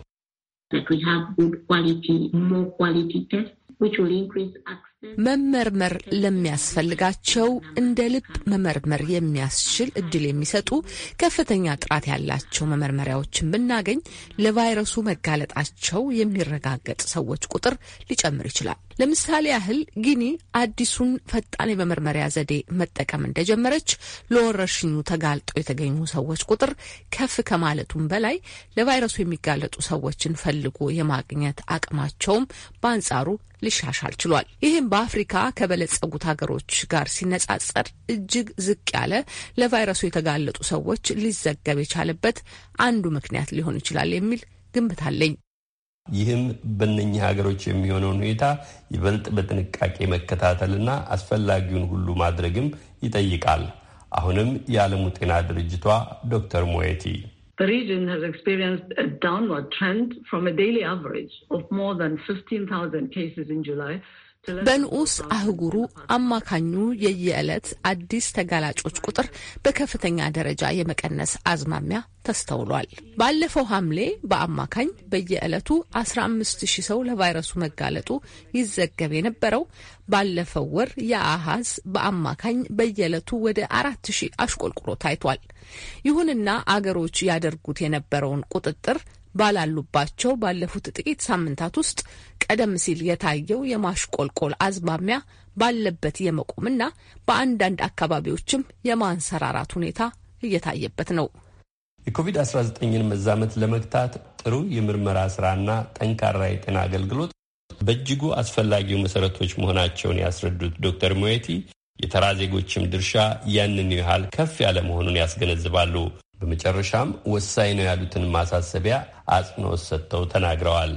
መመርመር ለሚያስፈልጋቸው እንደ ልብ መመርመር የሚያስችል እድል የሚሰጡ ከፍተኛ ጥራት ያላቸው መመርመሪያዎችን ብናገኝ ለቫይረሱ መጋለጣቸው የሚረጋገጥ ሰዎች ቁጥር ሊጨምር ይችላል። ለምሳሌ ያህል ጊኒ አዲሱን ፈጣን የመመርመሪያ ዘዴ መጠቀም እንደጀመረች ለወረርሽኙ ተጋልጦ የተገኙ ሰዎች ቁጥር ከፍ ከማለቱም በላይ ለቫይረሱ የሚጋለጡ ሰዎችን ፈልጎ የማግኘት አቅማቸውም በአንጻሩ ሊሻሻል ችሏል። ይህም በአፍሪካ ከበለጸጉት ሀገሮች ጋር ሲነጻጸር እጅግ ዝቅ ያለ ለቫይረሱ የተጋለጡ ሰዎች ሊዘገብ የቻለበት አንዱ ምክንያት ሊሆን ይችላል የሚል ግምት አለኝ። ይህም በእነኚህ ሀገሮች የሚሆነውን ሁኔታ ይበልጥ በጥንቃቄ መከታተልና አስፈላጊውን ሁሉ ማድረግም ይጠይቃል። አሁንም የዓለሙ ጤና ድርጅቷ ዶክተር ሞየቲ በንዑስ አህጉሩ አማካኙ የየዕለት አዲስ ተጋላጮች ቁጥር በከፍተኛ ደረጃ የመቀነስ አዝማሚያ ተስተውሏል። ባለፈው ሐምሌ በአማካኝ በየዕለቱ 150 ሰው ለቫይረሱ መጋለጡ ይዘገብ የነበረው ባለፈው ወር የአሃዝ በአማካኝ በየዕለቱ ወደ 4000 አሽቆልቁሎ ታይቷል። ይሁንና አገሮች ያደርጉት የነበረውን ቁጥጥር ባላሉባቸው ባለፉት ጥቂት ሳምንታት ውስጥ ቀደም ሲል የታየው የማሽቆልቆል አዝማሚያ ባለበት የመቆምና በአንዳንድ አካባቢዎችም የማንሰራራት ሁኔታ እየታየበት ነው። የኮቪድ-19ን መዛመት ለመግታት ጥሩ የምርመራ ስራና ጠንካራ የጤና አገልግሎት በእጅጉ አስፈላጊው መሰረቶች መሆናቸውን ያስረዱት ዶክተር ሞየቲ የተራ ዜጎችም ድርሻ ያንን ያህል ከፍ ያለ መሆኑን ያስገነዝባሉ። በመጨረሻም ወሳኝ ነው ያሉትን ማሳሰቢያ አጽንኦት ሰጥተው ተናግረዋል።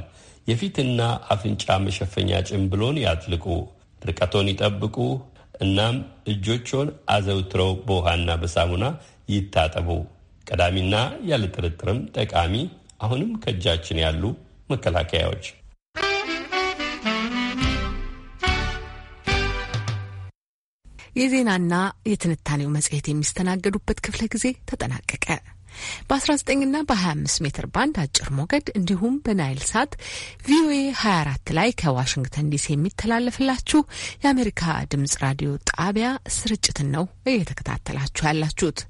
የፊትና አፍንጫ መሸፈኛ ጭንብሎን ያጥልቁ፣ ርቀቶን ይጠብቁ፣ እናም እጆቾን አዘውትረው በውሃና በሳሙና ይታጠቡ። ቀዳሚና ያለ ጥርጥርም ጠቃሚ አሁንም ከእጃችን ያሉ መከላከያዎች የዜናና የትንታኔው መጽሔት የሚስተናገዱበት ክፍለ ጊዜ ተጠናቀቀ። በ19ና በ25 ሜትር ባንድ አጭር ሞገድ እንዲሁም በናይል ሳት ቪኦኤ 24 ላይ ከዋሽንግተን ዲሲ የሚተላለፍላችሁ የአሜሪካ ድምጽ ራዲዮ ጣቢያ ስርጭትን ነው እየተከታተላችሁ ያላችሁት።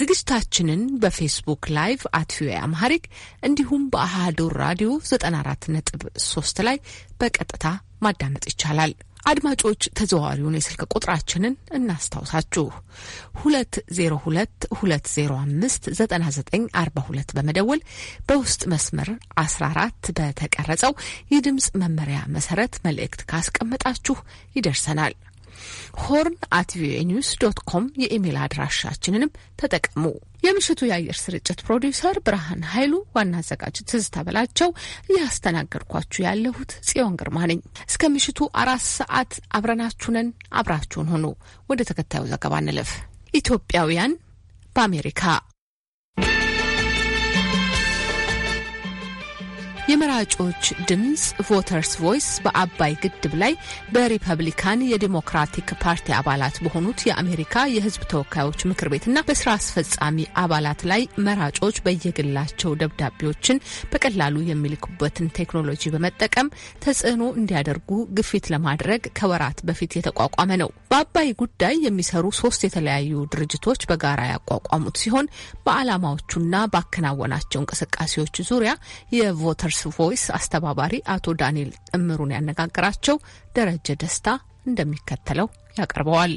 ዝግጅታችንን በፌስቡክ ላይቭ አት ቪኦኤ አምሃሪክ እንዲሁም በአሃዶር ራዲዮ 94.3 ላይ በቀጥታ ማዳመጥ ይቻላል። አድማጮች ተዘዋዋሪውን የስልክ ቁጥራችንን እናስታውሳችሁ። ሁለት ዜሮ ሁለት ሁለት ዜሮ አምስት ዘጠና ዘጠኝ አርባ ሁለት በመደወል በውስጥ መስመር አስራ አራት በተቀረጸው የድምጽ መመሪያ መሰረት መልእክት ካስቀመጣችሁ ይደርሰናል። ሆርን አት ቪኦኤ ኒውስ ዶት ኮም የኢሜል አድራሻችንንም ተጠቀሙ። የምሽቱ የአየር ስርጭት ፕሮዲውሰር ብርሃን ኃይሉ፣ ዋና አዘጋጅ ትዝታ በላቸው፣ እያስተናገድኳችሁ ያለሁት ጽዮን ግርማ ነኝ። እስከ ምሽቱ አራት ሰዓት አብረናችሁ ነን። አብራችሁን ሁኑ ወደ ተከታዩ ዘገባ እንለፍ። ኢትዮጵያውያን በአሜሪካ የመራጮች ድምፅ ቮተርስ ቮይስ በአባይ ግድብ ላይ በሪፐብሊካን የዲሞክራቲክ ፓርቲ አባላት በሆኑት የአሜሪካ የሕዝብ ተወካዮች ምክር ቤትና በስራ አስፈጻሚ አባላት ላይ መራጮች በየግላቸው ደብዳቤዎችን በቀላሉ የሚልኩበትን ቴክኖሎጂ በመጠቀም ተጽዕኖ እንዲያደርጉ ግፊት ለማድረግ ከወራት በፊት የተቋቋመ ነው። በአባይ ጉዳይ የሚሰሩ ሶስት የተለያዩ ድርጅቶች በጋራ ያቋቋሙት ሲሆን በዓላማዎቹና ባከናወናቸው እንቅስቃሴዎች ዙሪያ የቮተርስ ኪድስ ቮይስ አስተባባሪ አቶ ዳንኤል ጥምሩን ያነጋግራቸው ደረጀ ደስታ እንደሚከተለው ያቀርበዋል።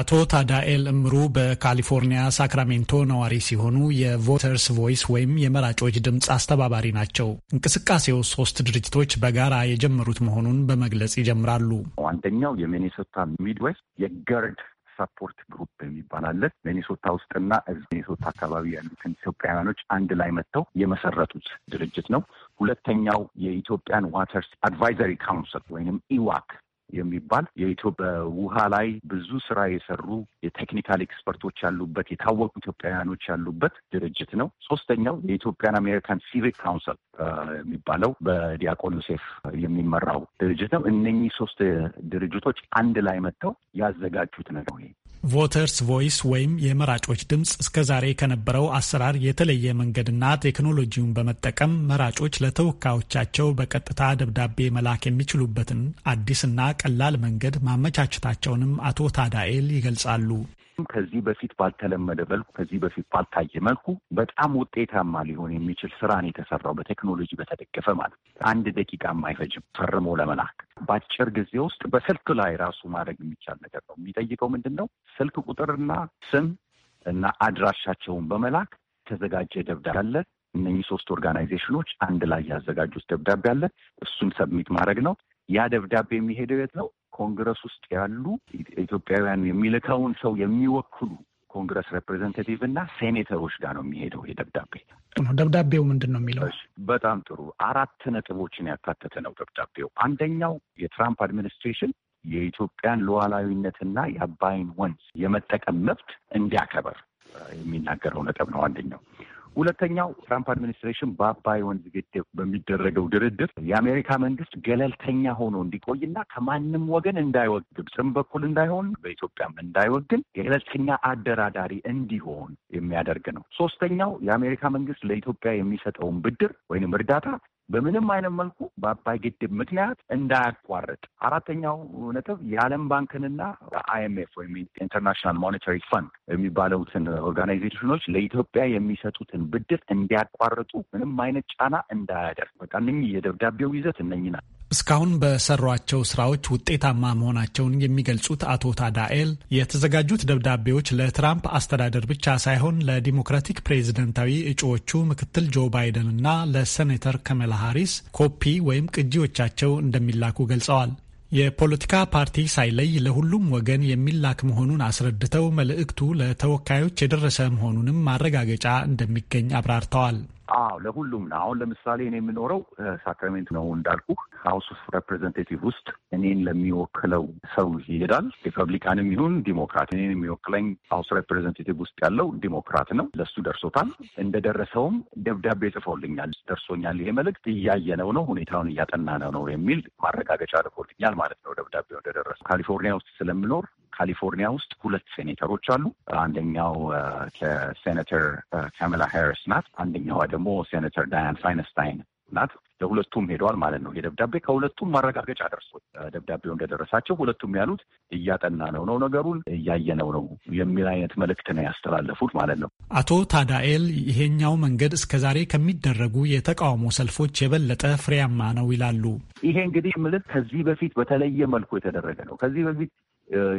አቶ ታዳኤል እምሩ በካሊፎርኒያ ሳክራሜንቶ ነዋሪ ሲሆኑ የቮተርስ ቮይስ ወይም የመራጮች ድምፅ አስተባባሪ ናቸው። እንቅስቃሴው ሶስት ድርጅቶች በጋራ የጀመሩት መሆኑን በመግለጽ ይጀምራሉ። አንደኛው የሚኒሶታ ሚድዌስት የገርድ ሰፖርት ግሩፕ የሚባላለት ሚኒሶታ ውስጥና ሚኒሶታ አካባቢ ያሉትን ኢትዮጵያውያኖች አንድ ላይ መጥተው የመሰረቱት ድርጅት ነው። ሁለተኛው የኢትዮጵያን ዋተርስ አድቫይዘሪ ካውንስል ወይንም ኢዋክ የሚባል የኢትዮጵያ ውሃ ላይ ብዙ ስራ የሰሩ የቴክኒካል ኤክስፐርቶች ያሉበት የታወቁ ኢትዮጵያውያኖች ያሉበት ድርጅት ነው። ሶስተኛው የኢትዮጵያን አሜሪካን ሲቪክ ካውንስል የሚባለው በዲያቆን ዮሴፍ የሚመራው ድርጅት ነው። እነኚህ ሶስት ድርጅቶች አንድ ላይ መጥተው ያዘጋጁት ነው። ቮተርስ ቮይስ ወይም የመራጮች ድምፅ እስከዛሬ ከነበረው አሰራር የተለየ መንገድና ቴክኖሎጂውን በመጠቀም መራጮች ለተወካዮቻቸው በቀጥታ ደብዳቤ መላክ የሚችሉበትን አዲስና ቀላል መንገድ ማመቻቸታቸውንም አቶ ታዳኤል ይገልጻሉ። ከዚህ በፊት ባልተለመደ መልኩ ከዚህ በፊት ባልታየ መልኩ በጣም ውጤታማ ሊሆን የሚችል ስራን የተሰራው በቴክኖሎጂ በተደገፈ ማለት አንድ ደቂቃ አይፈጅም ፈርሞ ለመላክ በአጭር ጊዜ ውስጥ በስልክ ላይ ራሱ ማድረግ የሚቻል ነገር ነው። የሚጠይቀው ምንድን ነው? ስልክ ቁጥርና ስም እና አድራሻቸውን በመላክ የተዘጋጀ ደብዳቤ አለ። እነኚህ ሶስት ኦርጋናይዜሽኖች አንድ ላይ ያዘጋጁት ደብዳቤ አለ። እሱን ሰብሚት ማድረግ ነው። ያ ደብዳቤ የሚሄደው የት ነው? ኮንግረስ ውስጥ ያሉ ኢትዮጵያውያን የሚልከውን ሰው የሚወክሉ ኮንግረስ ሬፕሬዘንታቲቭ እና ሴኔተሮች ጋር ነው የሚሄደው። የደብዳቤ ደብዳቤው ምንድን ነው የሚለው? በጣም ጥሩ አራት ነጥቦችን ያካተተ ነው ደብዳቤው። አንደኛው የትራምፕ አድሚኒስትሬሽን የኢትዮጵያን ሉዓላዊነትና የአባይን ወንዝ የመጠቀም መብት እንዲያከበር የሚናገረው ነጥብ ነው አንደኛው። ሁለተኛው ትራምፕ አድሚኒስትሬሽን በአባይ ወንዝ ግድብ በሚደረገው ድርድር የአሜሪካ መንግስት ገለልተኛ ሆኖ እንዲቆይና ከማንም ወገን እንዳይወግን፣ ግብፅም በኩል እንዳይሆን፣ በኢትዮጵያም እንዳይወግን ገለልተኛ አደራዳሪ እንዲሆን የሚያደርግ ነው። ሶስተኛው የአሜሪካ መንግስት ለኢትዮጵያ የሚሰጠውን ብድር ወይንም እርዳታ በምንም አይነት መልኩ በአባይ ግድብ ምክንያት እንዳያቋርጥ። አራተኛው ነጥብ የዓለም ባንክንና አይኤምኤፍ ወይም ኢንተርናሽናል ሞኔታሪ ፈንድ የሚባለውትን ኦርጋናይዜሽኖች ለኢትዮጵያ የሚሰጡትን ብድር እንዲያቋርጡ ምንም አይነት ጫና እንዳያደርግ። በቃ እነኚህ የደብዳቤው ይዘት እነኝ ናቸው። እስካሁን በሰሯቸው ስራዎች ውጤታማ መሆናቸውን የሚገልጹት አቶ ታዳኤል የተዘጋጁት ደብዳቤዎች ለትራምፕ አስተዳደር ብቻ ሳይሆን ለዲሞክራቲክ ፕሬዝደንታዊ እጩዎቹ ምክትል ጆ ባይደን እና ለሴኔተር ከመላ ሃሪስ ኮፒ ወይም ቅጂዎቻቸው እንደሚላኩ ገልጸዋል። የፖለቲካ ፓርቲ ሳይለይ ለሁሉም ወገን የሚላክ መሆኑን አስረድተው መልእክቱ ለተወካዮች የደረሰ መሆኑንም ማረጋገጫ እንደሚገኝ አብራርተዋል። አዎ ለሁሉም ነው። አሁን ለምሳሌ እኔ የምኖረው ሳክራሜንት ነው እንዳልኩ ሀውስ ኦፍ ሬፕሬዘንቴቲቭ ውስጥ እኔን ለሚወክለው ሰው ይሄዳል። ሪፐብሊካንም ይሁን ዲሞክራት፣ እኔን የሚወክለኝ ሀውስ ሬፕሬዘንቴቲቭ ውስጥ ያለው ዲሞክራት ነው። ለሱ ደርሶታል። እንደደረሰውም ደብዳቤ ጽፎልኛል። ደርሶኛል፣ ይሄ መልእክት እያየነው ነው፣ ሁኔታውን እያጠናነው ነው የሚል ማረጋገጫ ልኮልኛል ማለት ነው። ደብዳቤው እንደደረሰው ካሊፎርኒያ ውስጥ ስለምኖር ካሊፎርኒያ ውስጥ ሁለት ሴኔተሮች አሉ። አንደኛው ከሴኔተር ካማላ ሃሪስ ናት። አንደኛዋ ደግሞ ሴኔተር ዳያን ፋይንስታይን ናት። ለሁለቱም ሄደዋል ማለት ነው። የደብዳቤ ከሁለቱም ማረጋገጫ ደርሶት ደብዳቤው እንደደረሳቸው ሁለቱም ያሉት እያጠና ነው ነው ነገሩን እያየነው ነው የሚል አይነት መልእክት ነው ያስተላለፉት ማለት ነው። አቶ ታዳኤል ይሄኛው መንገድ እስከዛሬ ከሚደረጉ የተቃውሞ ሰልፎች የበለጠ ፍሬያማ ነው ይላሉ። ይሄ እንግዲህ ምልት ከዚህ በፊት በተለየ መልኩ የተደረገ ነው። ከዚህ በፊት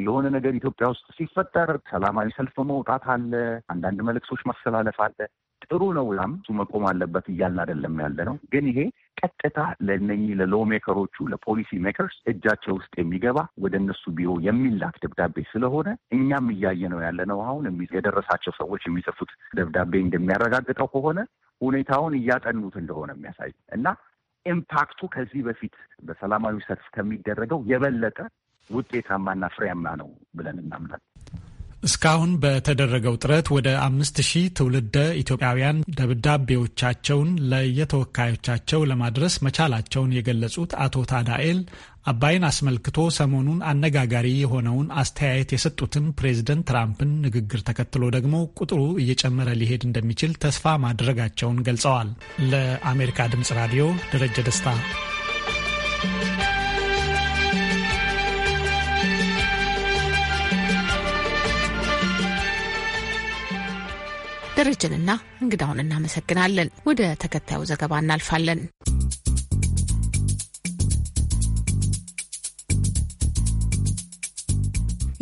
የሆነ ነገር ኢትዮጵያ ውስጥ ሲፈጠር ሰላማዊ ሰልፍ መውጣት አለ፣ አንዳንድ መልእክቶች ማስተላለፍ አለ። ጥሩ ነው። ያም እሱ መቆም አለበት እያልን አይደለም ያለ ነው። ግን ይሄ ቀጥታ ለእነኚህ ለሎ ሜከሮቹ ለፖሊሲ ሜከርስ እጃቸው ውስጥ የሚገባ ወደ እነሱ ቢሮ የሚላክ ደብዳቤ ስለሆነ እኛም እያየ ነው ያለ ነው። አሁን የደረሳቸው ሰዎች የሚጽፉት ደብዳቤ እንደሚያረጋግጠው ከሆነ ሁኔታውን እያጠኑት እንደሆነ የሚያሳይ እና ኢምፓክቱ ከዚህ በፊት በሰላማዊ ሰልፍ ከሚደረገው የበለጠ ውጤታማና ፍሬያማ ነው ብለን እናምናል። እስካሁን በተደረገው ጥረት ወደ አምስት ሺህ ትውልደ ኢትዮጵያውያን ደብዳቤዎቻቸውን ለየተወካዮቻቸው ለማድረስ መቻላቸውን የገለጹት አቶ ታዳኤል አባይን አስመልክቶ ሰሞኑን አነጋጋሪ የሆነውን አስተያየት የሰጡትን ፕሬዝደንት ትራምፕን ንግግር ተከትሎ ደግሞ ቁጥሩ እየጨመረ ሊሄድ እንደሚችል ተስፋ ማድረጋቸውን ገልጸዋል። ለአሜሪካ ድምጽ ራዲዮ ደረጀ ደስታ ደረጀንና እንግዳውን እናመሰግናለን። ወደ ተከታዩ ዘገባ እናልፋለን።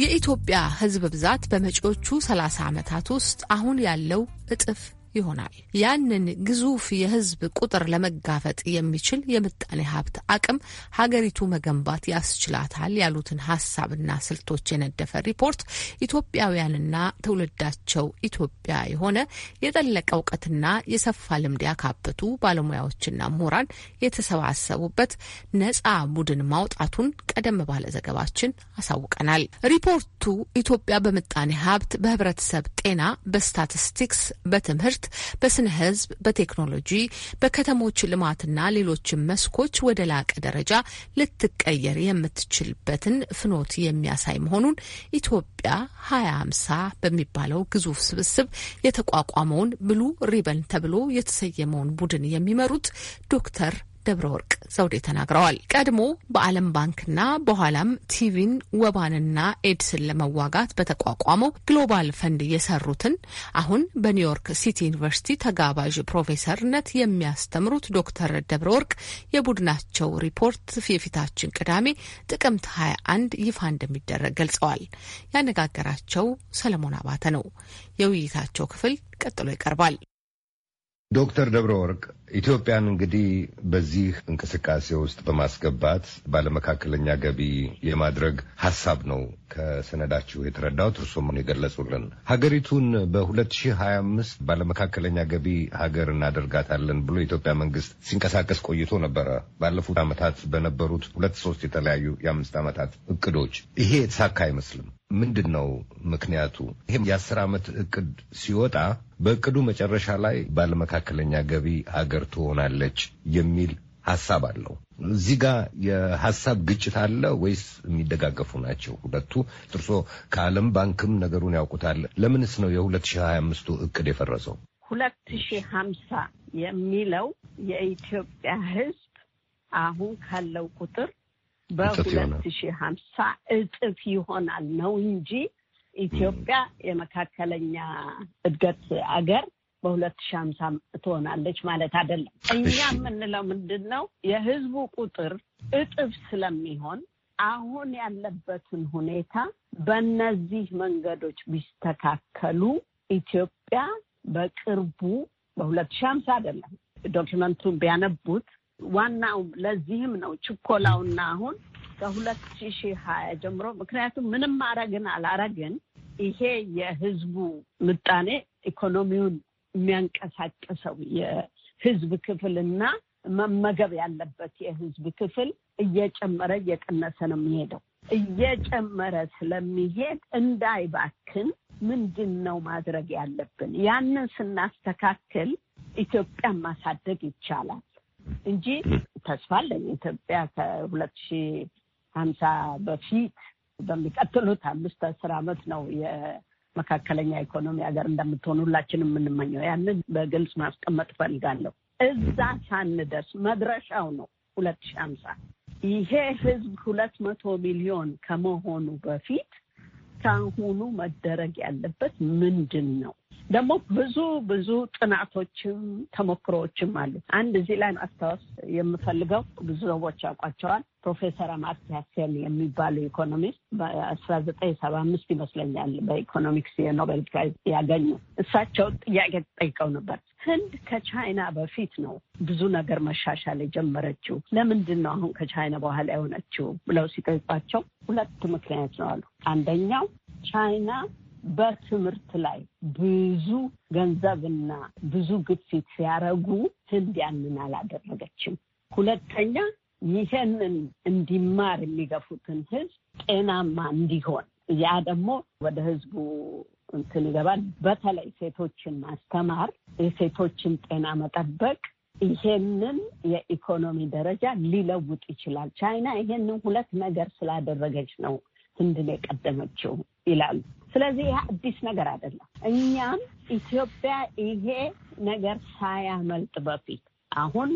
የኢትዮጵያ ሕዝብ ብዛት በመጪዎቹ 30 ዓመታት ውስጥ አሁን ያለው እጥፍ ይሆናል። ያንን ግዙፍ የህዝብ ቁጥር ለመጋፈጥ የሚችል የምጣኔ ሀብት አቅም ሀገሪቱ መገንባት ያስችላታል ያሉትን ሀሳብና ስልቶች የነደፈ ሪፖርት ኢትዮጵያውያንና ትውልዳቸው ኢትዮጵያ የሆነ የጠለቀ እውቀትና የሰፋ ልምድ ያካበቱ ባለሙያዎችና ምሁራን የተሰባሰቡበት ነጻ ቡድን ማውጣቱን ቀደም ባለ ዘገባችን አሳውቀናል። ሪፖርቱ ኢትዮጵያ በምጣኔ ሀብት፣ በህብረተሰብ ጤና፣ በስታቲስቲክስ፣ በትምህርት ትምህርት፣ በስነ ህዝብ፣ በቴክኖሎጂ፣ በከተሞች ልማትና ሌሎችም መስኮች ወደ ላቀ ደረጃ ልትቀየር የምትችልበትን ፍኖት የሚያሳይ መሆኑን ኢትዮጵያ ሀያ ሀምሳ በሚባለው ግዙፍ ስብስብ የተቋቋመውን ብሉ ሪበን ተብሎ የተሰየመውን ቡድን የሚመሩት ዶክተር ደብረ ወርቅ ዘውዴ ተናግረዋል። ቀድሞ በዓለም ባንክና በኋላም ቲቪን ወባንና ኤድስን ለመዋጋት በተቋቋመው ግሎባል ፈንድ የሰሩትን አሁን በኒውዮርክ ሲቲ ዩኒቨርሲቲ ተጋባዥ ፕሮፌሰርነት የሚያስተምሩት ዶክተር ደብረ ወርቅ የቡድናቸው ሪፖርት የፊታችን ቅዳሜ ጥቅምት 21 ይፋ እንደሚደረግ ገልጸዋል። ያነጋገራቸው ሰለሞን አባተ ነው። የውይይታቸው ክፍል ቀጥሎ ይቀርባል። ዶክተር ደብረ ወርቅ ኢትዮጵያን እንግዲህ በዚህ እንቅስቃሴ ውስጥ በማስገባት ባለመካከለኛ ገቢ የማድረግ ሀሳብ ነው ከሰነዳችሁ የተረዳሁት እርሶም የገለጹልን። ሀገሪቱን በ2025 ባለመካከለኛ ገቢ ሀገር እናደርጋታለን ብሎ የኢትዮጵያ መንግስት ሲንቀሳቀስ ቆይቶ ነበረ። ባለፉት ዓመታት በነበሩት ሁለት ሶስት የተለያዩ የአምስት ዓመታት እቅዶች ይሄ የተሳካ አይመስልም። ምንድን ነው ምክንያቱ? ይህም የአስር ዓመት እቅድ ሲወጣ በእቅዱ መጨረሻ ላይ ባለመካከለኛ ገቢ ሀገር ትሆናለች የሚል ሀሳብ አለው። እዚህ ጋር የሀሳብ ግጭት አለ ወይስ የሚደጋገፉ ናቸው ሁለቱ? እርሶ ከዓለም ባንክም ነገሩን ያውቁታል። ለምንስ ነው የ ሀያ አምስቱ እቅድ የፈረሰው? ሁለት ሺህ ሀምሳ የሚለው የኢትዮጵያ ሕዝብ አሁን ካለው ቁጥር በሁለት ሺህ ሀምሳ እጥፍ ይሆናል ነው እንጂ ኢትዮጵያ የመካከለኛ እድገት አገር በሁለት ሺህ ሀምሳ ትሆናለች ማለት አይደለም። እኛ የምንለው ምንድን ነው? የህዝቡ ቁጥር እጥፍ ስለሚሆን አሁን ያለበትን ሁኔታ በእነዚህ መንገዶች ቢስተካከሉ ኢትዮጵያ በቅርቡ በሁለት ሺህ ሀምሳ አይደለም ዶክመንቱን ቢያነቡት ዋናው ለዚህም ነው ችኮላውና አሁን ከሁለት ሺ ሀያ ጀምሮ ምክንያቱም ምንም አረግን አላረግን ይሄ የህዝቡ ምጣኔ ኢኮኖሚውን የሚያንቀሳቀሰው የህዝብ ክፍልና መመገብ ያለበት የህዝብ ክፍል እየጨመረ እየቀነሰ ነው የሚሄደው። እየጨመረ ስለሚሄድ እንዳይባክን ምንድን ነው ማድረግ ያለብን? ያንን ስናስተካክል ኢትዮጵያን ማሳደግ ይቻላል። እንጂ ተስፋ አለኝ ኢትዮጵያ ከሁለት ሺ ሀምሳ በፊት በሚቀጥሉት አምስት አስር አመት ነው የመካከለኛ ኢኮኖሚ ሀገር እንደምትሆን ሁላችንም የምንመኘው። ያንን በግልጽ ማስቀመጥ ፈልጋለሁ። እዛ ሳንደርስ መድረሻው ነው ሁለት ሺ ሀምሳ ይሄ ህዝብ ሁለት መቶ ሚሊዮን ከመሆኑ በፊት ከአሁኑ መደረግ ያለበት ምንድን ነው? ደግሞ ብዙ ብዙ ጥናቶችም ተሞክሮዎችም አሉ። አንድ እዚህ ላይ ማስታወስ የምፈልገው ብዙ ሰዎች ያውቋቸዋል። ፕሮፌሰር አማርትያ ሴን የሚባሉ ኢኮኖሚስት በአስራ ዘጠኝ ሰባ አምስት ይመስለኛል በኢኮኖሚክስ የኖቤል ፕራይዝ ያገኙ እሳቸው ጥያቄ ተጠይቀው ነበር። ህንድ ከቻይና በፊት ነው ብዙ ነገር መሻሻል የጀመረችው ለምንድን ነው አሁን ከቻይና በኋላ የሆነችው ብለው ሲጠይቋቸው ሁለት ምክንያት ነው አሉ። አንደኛው ቻይና በትምህርት ላይ ብዙ ገንዘብና ብዙ ግፊት ሲያደርጉ ህንድ ያንን አላደረገችም። ሁለተኛ ይህንን እንዲማር የሚገፉትን ህዝብ ጤናማ እንዲሆን ያ ደግሞ ወደ ህዝቡ እንትን ይገባል። በተለይ ሴቶችን ማስተማር፣ የሴቶችን ጤና መጠበቅ ይሄንን የኢኮኖሚ ደረጃ ሊለውጥ ይችላል። ቻይና ይሄንን ሁለት ነገር ስላደረገች ነው ህንድን የቀደመችው ይላሉ። ስለዚህ ይህ አዲስ ነገር አይደለም። እኛም ኢትዮጵያ ይሄ ነገር ሳያመልጥ በፊት አሁን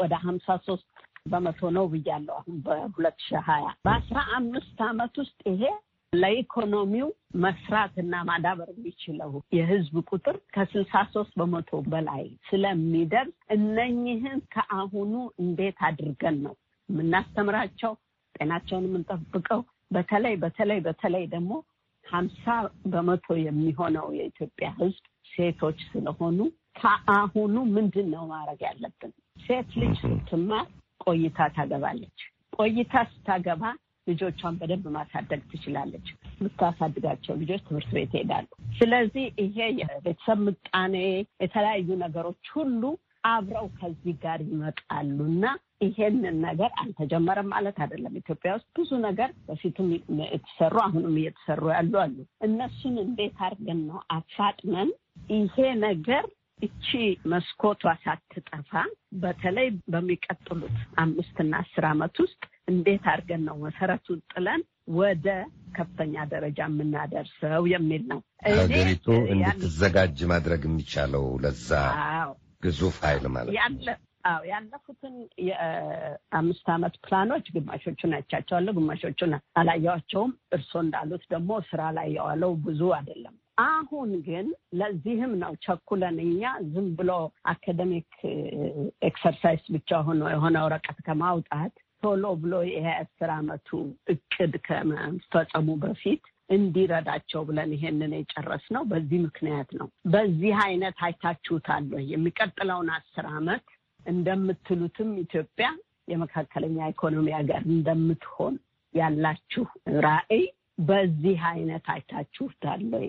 ወደ ሀምሳ ሶስት በመቶ ነው ብያለሁ። አሁን በሁለት ሺ ሀያ በአስራ አምስት አመት ውስጥ ይሄ ለኢኮኖሚው መስራት እና ማዳበር የሚችለው የህዝብ ቁጥር ከስልሳ ሶስት በመቶ በላይ ስለሚደርስ እነኝህን ከአሁኑ እንዴት አድርገን ነው የምናስተምራቸው ጤናቸውን የምንጠብቀው? በተለይ በተለይ በተለይ ደግሞ ሀምሳ በመቶ የሚሆነው የኢትዮጵያ ሕዝብ ሴቶች ስለሆኑ ከአሁኑ ምንድን ነው ማድረግ ያለብን? ሴት ልጅ ስትማር ቆይታ ታገባለች። ቆይታ ስታገባ ልጆቿን በደንብ ማሳደግ ትችላለች። የምታሳድጋቸው ልጆች ትምህርት ቤት ይሄዳሉ። ስለዚህ ይሄ የቤተሰብ ምጣኔ፣ የተለያዩ ነገሮች ሁሉ አብረው ከዚህ ጋር ይመጣሉ እና ይሄንን ነገር አልተጀመረም ማለት አይደለም። ኢትዮጵያ ውስጥ ብዙ ነገር በፊትም የተሰሩ አሁንም እየተሰሩ ያሉ አሉ። እነሱን እንዴት አድርገን ነው አፋጥነን ይሄ ነገር እቺ መስኮቷ ሳትጠፋ በተለይ በሚቀጥሉት አምስትና አስር ዓመት ውስጥ እንዴት አድርገን ነው መሰረቱን ጥለን ወደ ከፍተኛ ደረጃ የምናደርሰው የሚል ነው። ሀገሪቱ እንድትዘጋጅ ማድረግ የሚቻለው ለዛ ግዙፍ ኃይል ማለት ነው። አዎ ያለፉትን የአምስት ዓመት ፕላኖች ግማሾቹን አይቻቸዋለሁ፣ ግማሾቹን አላየዋቸውም። እርስዎ እንዳሉት ደግሞ ስራ ላይ የዋለው ብዙ አይደለም። አሁን ግን ለዚህም ነው ቸኩለን እኛ ዝም ብሎ አካደሚክ ኤክሰርሳይዝ ብቻ ሆኖ የሆነ ወረቀት ከማውጣት ቶሎ ብሎ ይሄ አስር ዓመቱ እቅድ ከመፈጸሙ በፊት እንዲረዳቸው ብለን ይሄንን የጨረስ ነው በዚህ ምክንያት ነው። በዚህ አይነት አይታችሁታል ወይ? የሚቀጥለውን አስር አመት እንደምትሉትም ኢትዮጵያ የመካከለኛ ኢኮኖሚ ሀገር እንደምትሆን ያላችሁ ራዕይ በዚህ አይነት አይታችሁታል ወይ?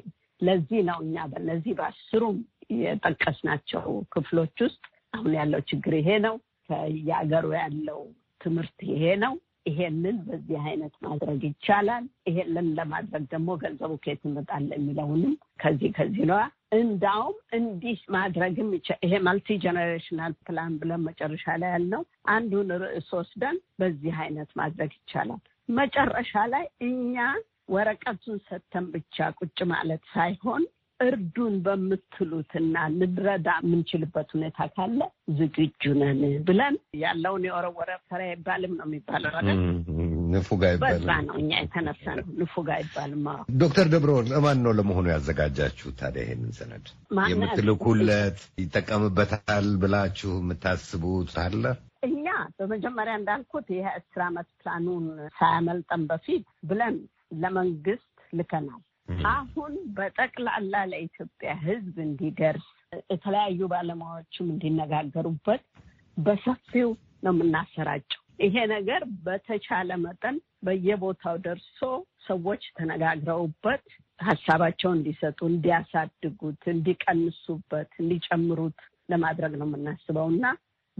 ለዚህ ነው እኛ በነዚህ በአስሩም የጠቀስናቸው ክፍሎች ውስጥ አሁን ያለው ችግር ይሄ ነው፣ ከየሀገሩ ያለው ትምህርት ይሄ ነው፣ ይሄንን በዚህ አይነት ማድረግ ይቻላል፣ ይሄንን ለማድረግ ደግሞ ገንዘቡ ከየት ይመጣል የሚለውንም ከዚህ ከዚህ ነዋ እንዳውም እንዲህ ማድረግም ይሄ ማልቲ ጀኔሬሽናል ፕላን ብለን መጨረሻ ላይ ያልነው አንዱን ርዕስ ወስደን በዚህ አይነት ማድረግ ይቻላል። መጨረሻ ላይ እኛ ወረቀቱን ሰጥተን ብቻ ቁጭ ማለት ሳይሆን እርዱን በምትሉትና ልንረዳ የምንችልበት ሁኔታ ካለ ዝግጁ ነን ብለን ያለውን የወረወረ ፈሪ አይባልም ነው የሚባለው አይደል? ንፉግ አይባልም። በዛ ነው እኛ የተነሳ ነው። ንፉግ አይባልም። ዶክተር ደብረወርቅ እማን ነው ለመሆኑ ያዘጋጃችሁ ታዲያ ይሄንን ሰነድ የምትልኩለት? ይጠቀምበታል ብላችሁ የምታስቡት አለ? እኛ በመጀመሪያ እንዳልኩት ይህ አስር አመት ፕላኑን ሳያመልጠን በፊት ብለን ለመንግስት ልከናል። አሁን በጠቅላላ ለኢትዮጵያ ሕዝብ እንዲደርስ የተለያዩ ባለሙያዎችም እንዲነጋገሩበት በሰፊው ነው የምናሰራጨው። ይሄ ነገር በተቻለ መጠን በየቦታው ደርሶ ሰዎች ተነጋግረውበት ሀሳባቸውን እንዲሰጡ፣ እንዲያሳድጉት፣ እንዲቀንሱበት፣ እንዲጨምሩት ለማድረግ ነው የምናስበው እና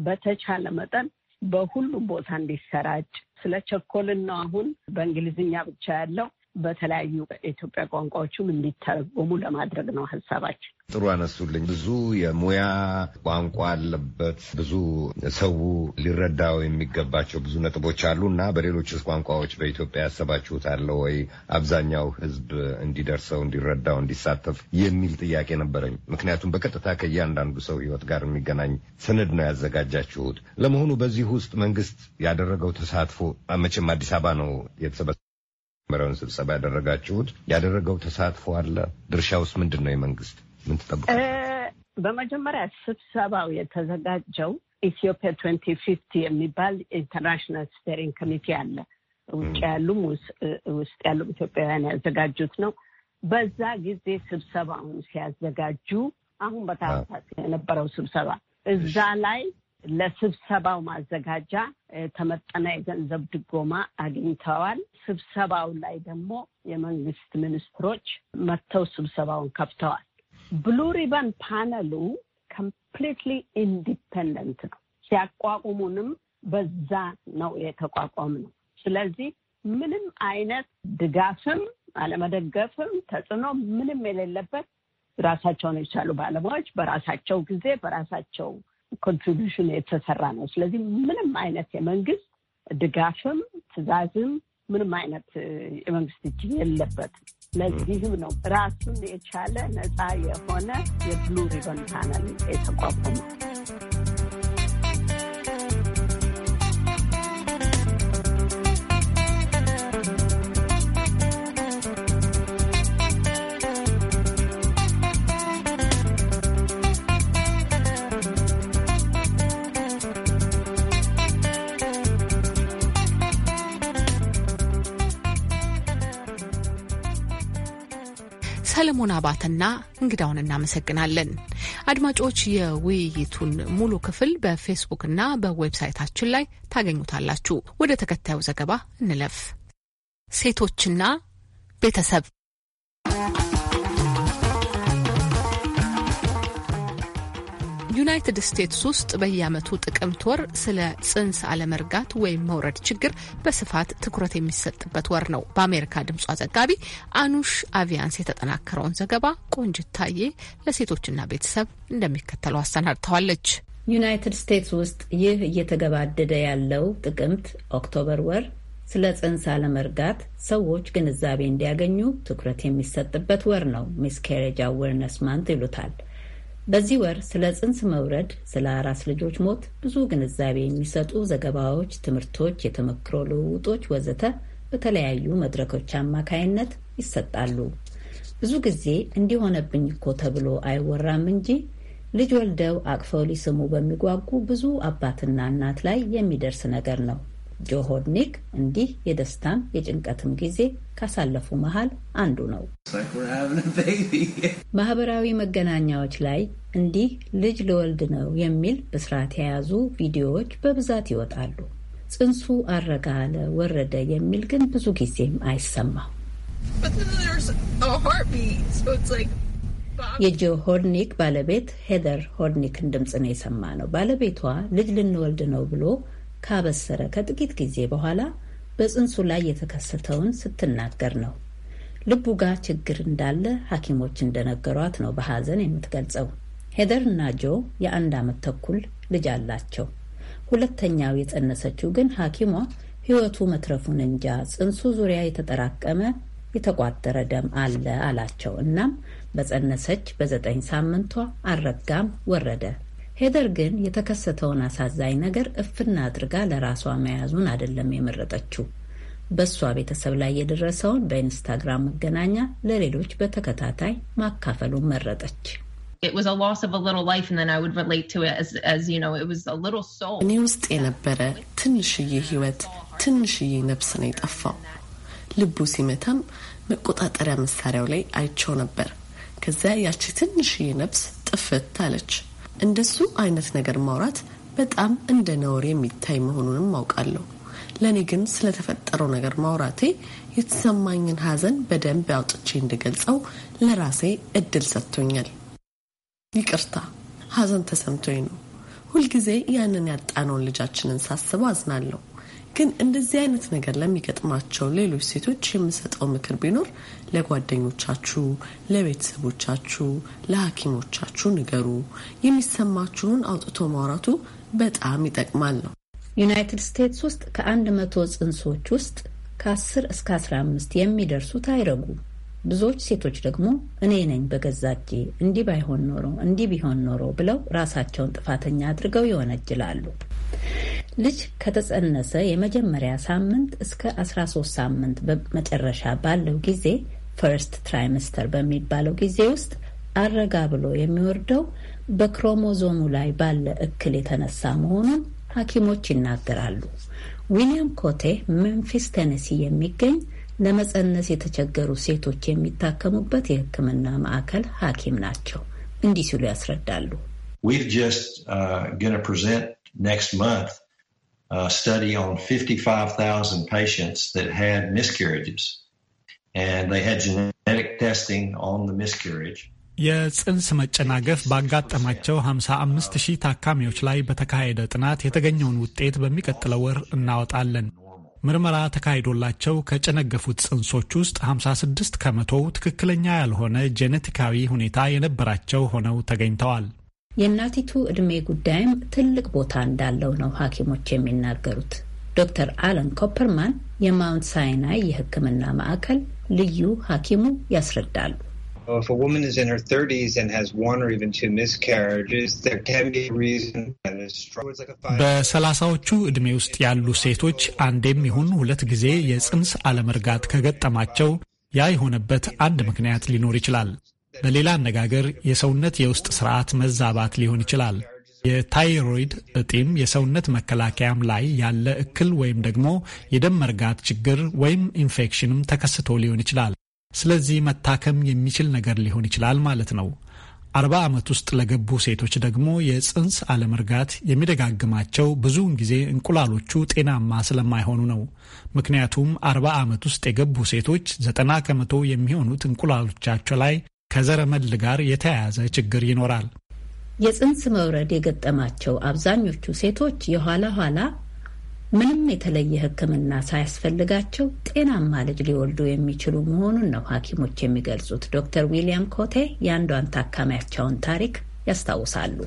በተቻለ መጠን በሁሉም ቦታ እንዲሰራጭ ስለ ቸኮልን ነው አሁን በእንግሊዝኛ ብቻ ያለው በተለያዩ ኢትዮጵያ ቋንቋዎችም እንዲተረጎሙ ለማድረግ ነው ሀሳባችን። ጥሩ አነሱልኝ። ብዙ የሙያ ቋንቋ አለበት። ብዙ ሰው ሊረዳው የሚገባቸው ብዙ ነጥቦች አሉ እና በሌሎችስ ቋንቋዎች በኢትዮጵያ ያሰባችሁት አለ ወይ? አብዛኛው ሕዝብ እንዲደርሰው፣ እንዲረዳው፣ እንዲሳተፍ የሚል ጥያቄ ነበረኝ። ምክንያቱም በቀጥታ ከእያንዳንዱ ሰው ሕይወት ጋር የሚገናኝ ሰነድ ነው ያዘጋጃችሁት። ለመሆኑ በዚህ ውስጥ መንግስት ያደረገው ተሳትፎ መቼም አዲስ አበባ ነው የተሰበ መሪውን ስብሰባ ያደረጋችሁት ያደረገው ተሳትፎ አለ? ድርሻ ውስጥ ምንድን ነው የመንግስት ምን ትጠብቁ? በመጀመሪያ ስብሰባው የተዘጋጀው ኢትዮጵያ ትዌንቲ ፊፍቲ የሚባል ኢንተርናሽናል ስቴሪንግ ኮሚቴ አለ። ውጭ ያሉም ውስጥ ያሉም ኢትዮጵያውያን ያዘጋጁት ነው። በዛ ጊዜ ስብሰባውን ሲያዘጋጁ አሁን በታህሳስ የነበረው ስብሰባ እዛ ላይ ለስብሰባው ማዘጋጃ ተመጠነ የገንዘብ ድጎማ አግኝተዋል። ስብሰባው ላይ ደግሞ የመንግስት ሚኒስትሮች መጥተው ስብሰባውን ከፍተዋል። ብሉ ሪበን ፓነሉ ኮምፕሊትሊ ኢንዲፐንደንት ነው። ሲያቋቁሙንም በዛ ነው የተቋቋም ነው። ስለዚህ ምንም አይነት ድጋፍም አለመደገፍም ተጽዕኖ ምንም የሌለበት ራሳቸውን የቻሉ ባለሙያዎች በራሳቸው ጊዜ በራሳቸው ኮንትሪቢሽን የተሰራ ነው። ስለዚህ ምንም አይነት የመንግስት ድጋፍም ትዕዛዝም ምንም አይነት የመንግስት እጅ የለበት ለዚህም ነው ራሱን የቻለ ነፃ የሆነ የብሉ ሪበን የተቋቋመ። የተቋቋመው። ሰለሞን አባተና እንግዳውን እናመሰግናለን። አድማጮች የውይይቱን ሙሉ ክፍል በፌስቡክና በዌብሳይታችን ላይ ታገኙታላችሁ። ወደ ተከታዩ ዘገባ እንለፍ። ሴቶችና ቤተሰብ ዩናይትድ ስቴትስ ውስጥ በየዓመቱ ጥቅምት ወር ስለ ጽንስ አለመርጋት ወይም መውረድ ችግር በስፋት ትኩረት የሚሰጥበት ወር ነው። በአሜሪካ ድምፅ ዘጋቢ አኑሽ አቪያንስ የተጠናከረውን ዘገባ ቆንጅታዬ ለሴቶችና ቤተሰብ እንደሚከተለው አሰናድተዋለች። ዩናይትድ ስቴትስ ውስጥ ይህ እየተገባደደ ያለው ጥቅምት ኦክቶበር ወር ስለ ጽንስ አለመርጋት ሰዎች ግንዛቤ እንዲያገኙ ትኩረት የሚሰጥበት ወር ነው። ኬሬጅ አዌርነስ ማንት ይሉታል። በዚህ ወር ስለ ጽንስ መውረድ፣ ስለ አራስ ልጆች ሞት ብዙ ግንዛቤ የሚሰጡ ዘገባዎች፣ ትምህርቶች፣ የተመክሮ ልውውጦች ወዘተ በተለያዩ መድረኮች አማካይነት ይሰጣሉ። ብዙ ጊዜ እንዲሆነብኝ እኮ ተብሎ አይወራም እንጂ ልጅ ወልደው አቅፈው ሊስሙ በሚጓጉ ብዙ አባትና እናት ላይ የሚደርስ ነገር ነው። ጆሆድኒክ እንዲህ የደስታም የጭንቀትም ጊዜ ካሳለፉ መሃል አንዱ ነው። ማህበራዊ መገናኛዎች ላይ እንዲህ ልጅ ልወልድ ነው የሚል በስርዓት የያዙ ቪዲዮዎች በብዛት ይወጣሉ። ጽንሱ አረጋለ ወረደ የሚል ግን ብዙ ጊዜም አይሰማም። የጆ ሆድኒክ ባለቤት ሄደር ሆድኒክን ድምፅ ነው የሰማ ነው። ባለቤቷ ልጅ ልንወልድ ነው ብሎ ካበሰረ ከጥቂት ጊዜ በኋላ በጽንሱ ላይ የተከሰተውን ስትናገር ነው። ልቡ ጋር ችግር እንዳለ ሐኪሞች እንደነገሯት ነው በሐዘን የምትገልጸው። ሄደር እና ጆ የአንድ ዓመት ተኩል ልጅ አላቸው። ሁለተኛው የጸነሰችው ግን ሐኪሟ ሕይወቱ መትረፉን እንጃ ጽንሱ ዙሪያ የተጠራቀመ የተቋጠረ ደም አለ አላቸው። እናም በጸነሰች በዘጠኝ ሳምንቷ አረጋም ወረደ። ሄደር ግን የተከሰተውን አሳዛኝ ነገር እፍና አድርጋ ለራሷ መያዙን አይደለም የመረጠችው በእሷ ቤተሰብ ላይ የደረሰውን በኢንስታግራም መገናኛ ለሌሎች በተከታታይ ማካፈሉን መረጠች። እኔ ውስጥ የነበረ ትንሽዬ ህይወት ትንሽዬ ነፍስ ነው የጠፋው። ልቡ ሲመታም መቆጣጠሪያ መሳሪያው ላይ አይቸው ነበር። ከዚያ ያቺ ትንሽዬ ነፍስ ጥፍት አለች። እንደሱ አይነት ነገር ማውራት በጣም እንደ ነውር የሚታይ መሆኑንም አውቃለሁ። ለእኔ ግን ስለተፈጠረው ነገር ማውራቴ የተሰማኝን ሐዘን በደንብ አውጥቼ እንድገልጸው ለራሴ እድል ሰጥቶኛል። ይቅርታ ሐዘን ተሰምቶኝ ነው። ሁልጊዜ ያንን ያጣነውን ልጃችንን ሳስበው አዝናለሁ። ግን እንደዚህ አይነት ነገር ለሚገጥማቸው ሌሎች ሴቶች የምሰጠው ምክር ቢኖር ለጓደኞቻችሁ፣ ለቤተሰቦቻችሁ፣ ለሐኪሞቻችሁ ንገሩ። የሚሰማችሁን አውጥቶ ማውራቱ በጣም ይጠቅማል ነው። ዩናይትድ ስቴትስ ውስጥ ከአንድ መቶ ጽንሶች ውስጥ ከ10 እስከ 15 አምስት የሚደርሱት አይረጉ። ብዙዎች ሴቶች ደግሞ እኔ ነኝ በገዛ እጄ እንዲህ ባይሆን ኖሮ እንዲህ ቢሆን ኖሮ ብለው ራሳቸውን ጥፋተኛ አድርገው ይወነጅላሉ። ልጅ ከተጸነሰ የመጀመሪያ ሳምንት እስከ 13 ሳምንት መጨረሻ ባለው ጊዜ ፈርስት ትራይምስተር በሚባለው ጊዜ ውስጥ አረጋ ብሎ የሚወርደው በክሮሞዞሙ ላይ ባለ እክል የተነሳ መሆኑን ሐኪሞች ይናገራሉ። ዊሊያም ኮቴ ሜምፊስ ተነሲ የሚገኝ ለመጸነስ የተቸገሩ ሴቶች የሚታከሙበት የሕክምና ማዕከል ሐኪም ናቸው። እንዲህ ሲሉ ያስረዳሉ። a study on 55,000 patients that had miscarriages, and they had genetic testing on the miscarriage. የጽንስ መጨናገፍ ባጋጠማቸው 55 ሺህ ታካሚዎች ላይ በተካሄደ ጥናት የተገኘውን ውጤት በሚቀጥለው ወር እናወጣለን። ምርመራ ተካሂዶላቸው ከጨነገፉት ጽንሶች ውስጥ 56 ከመቶ ትክክለኛ ያልሆነ ጄኔቲካዊ ሁኔታ የነበራቸው ሆነው ተገኝተዋል። የእናቲቱ ዕድሜ ጉዳይም ትልቅ ቦታ እንዳለው ነው ሐኪሞች የሚናገሩት። ዶክተር አለን ኮፐርማን የማውንት ሳይናይ የሕክምና ማዕከል ልዩ ሐኪሙ ያስረዳሉ። በሰላሳዎቹ ዕድሜ ውስጥ ያሉ ሴቶች አንዴም ይሁን ሁለት ጊዜ የጽንስ አለመርጋት ከገጠማቸው ያ የሆነበት አንድ ምክንያት ሊኖር ይችላል። በሌላ አነጋገር የሰውነት የውስጥ ስርዓት መዛባት ሊሆን ይችላል። የታይሮይድ እጢም የሰውነት መከላከያም ላይ ያለ እክል ወይም ደግሞ የደም መርጋት ችግር ወይም ኢንፌክሽንም ተከስቶ ሊሆን ይችላል። ስለዚህ መታከም የሚችል ነገር ሊሆን ይችላል ማለት ነው። አርባ ዓመት ውስጥ ለገቡ ሴቶች ደግሞ የጽንስ አለመርጋት የሚደጋግማቸው ብዙውን ጊዜ እንቁላሎቹ ጤናማ ስለማይሆኑ ነው። ምክንያቱም አርባ ዓመት ውስጥ የገቡ ሴቶች ዘጠና ከመቶ የሚሆኑት እንቁላሎቻቸው ላይ ከዘረመል ጋር የተያያዘ ችግር ይኖራል። የጽንስ መውረድ የገጠማቸው አብዛኞቹ ሴቶች የኋላ ኋላ ምንም የተለየ ሕክምና ሳያስፈልጋቸው ጤናማ ልጅ ሊወልዱ የሚችሉ መሆኑን ነው ሐኪሞች የሚገልጹት። ዶክተር ዊሊያም ኮቴ የአንዷን ታካሚያቸውን ታሪክ ያስታውሳሉ።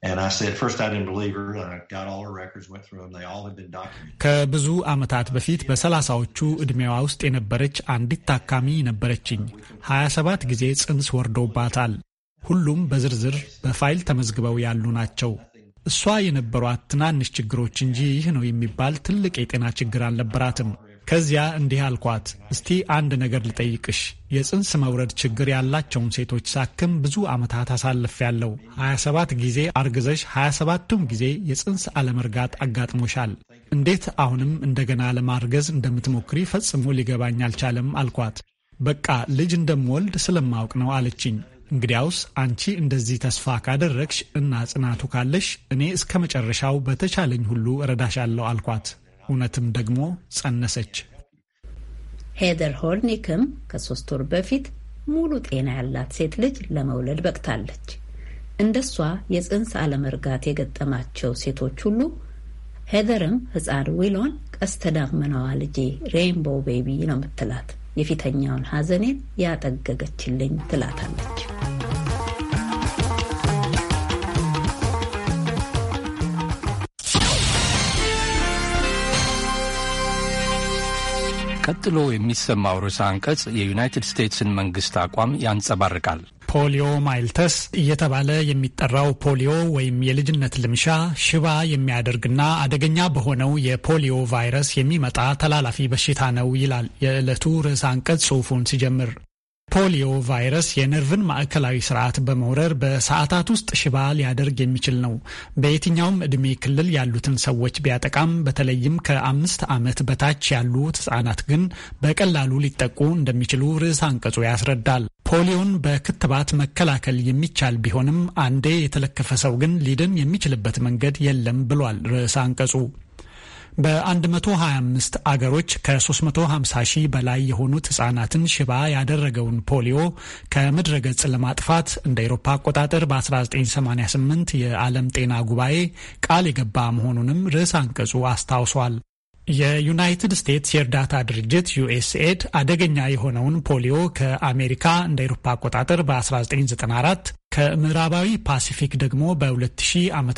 And I said, first I didn't believe her. I got all her records, went through them. They all had been documented. ከብዙ ዓመታት በፊት በሰላሳዎቹ ዕድሜዋ ውስጥ የነበረች አንዲት ታካሚ ነበረችኝ። 27 ጊዜ ጽንስ ወርዶባታል። ሁሉም በዝርዝር በፋይል ተመዝግበው ያሉ ናቸው። እሷ የነበሯት ትናንሽ ችግሮች እንጂ ይህ ነው የሚባል ትልቅ የጤና ችግር አልነበራትም። ከዚያ እንዲህ አልኳት፣ እስቲ አንድ ነገር ልጠይቅሽ። የጽንስ መውረድ ችግር ያላቸውን ሴቶች ሳክም ብዙ ዓመታት ያለው 27 ጊዜ አርግዘሽ 27ቱም ጊዜ የጽንስ አለመርጋት አጋጥሞሻል። እንዴት አሁንም እንደገና ለማርገዝ እንደምትሞክሪ ፈጽሞ ሊገባኝ አልቻለም አልኳት። በቃ ልጅ እንደምወልድ ስለማወቅ ነው አለችኝ። እንግዲያውስ አንቺ እንደዚህ ተስፋ ካደረግሽ እና ጽናቱ ካለሽ እኔ እስከ መጨረሻው በተቻለኝ ሁሉ እረዳሻለሁ አልኳት። እውነትም ደግሞ ጸነሰች። ሄደር ሆርኒክም ከሶስት ወር በፊት ሙሉ ጤና ያላት ሴት ልጅ ለመውለድ በቅታለች። እንደሷ የጽንስ አለመርጋት የገጠማቸው ሴቶች ሁሉ ሄደርም ህፃን ዊሎን ቀስተ ዳመናዋ ልጄ ሬንቦ ቤቢ ነው የምትላት የፊተኛውን ሐዘኔን ያጠገገችልኝ ትላታለች። ቀጥሎ የሚሰማው ርዕሰ አንቀጽ የዩናይትድ ስቴትስን መንግስት አቋም ያንጸባርቃል። ፖሊዮ ማይልተስ እየተባለ የሚጠራው ፖሊዮ ወይም የልጅነት ልምሻ ሽባ የሚያደርግና አደገኛ በሆነው የፖሊዮ ቫይረስ የሚመጣ ተላላፊ በሽታ ነው ይላል የዕለቱ ርዕሰ አንቀጽ ጽሑፉን ሲጀምር። ፖሊዮ ቫይረስ የነርቭን ማዕከላዊ ስርዓት በመውረር በሰዓታት ውስጥ ሽባ ሊያደርግ የሚችል ነው። በየትኛውም ዕድሜ ክልል ያሉትን ሰዎች ቢያጠቃም በተለይም ከአምስት ዓመት በታች ያሉ ህጻናት ግን በቀላሉ ሊጠቁ እንደሚችሉ ርዕስ አንቀጹ ያስረዳል። ፖሊዮን በክትባት መከላከል የሚቻል ቢሆንም አንዴ የተለከፈ ሰው ግን ሊድን የሚችልበት መንገድ የለም ብሏል ርዕስ አንቀጹ። በ125 አገሮች ከ350 ሺህ በላይ የሆኑት ህጻናትን ሽባ ያደረገውን ፖሊዮ ከምድረ ገጽ ለማጥፋት እንደ ኤሮፓ አቆጣጠር በ1988 የዓለም ጤና ጉባኤ ቃል የገባ መሆኑንም ርዕስ አንቀጹ አስታውሷል። የዩናይትድ ስቴትስ የእርዳታ ድርጅት ዩኤስኤድ አደገኛ የሆነውን ፖሊዮ ከአሜሪካ እንደ ኤሮፓ አቆጣጠር በ1994 ከምዕራባዊ ፓሲፊክ ደግሞ በ2000 ዓ ም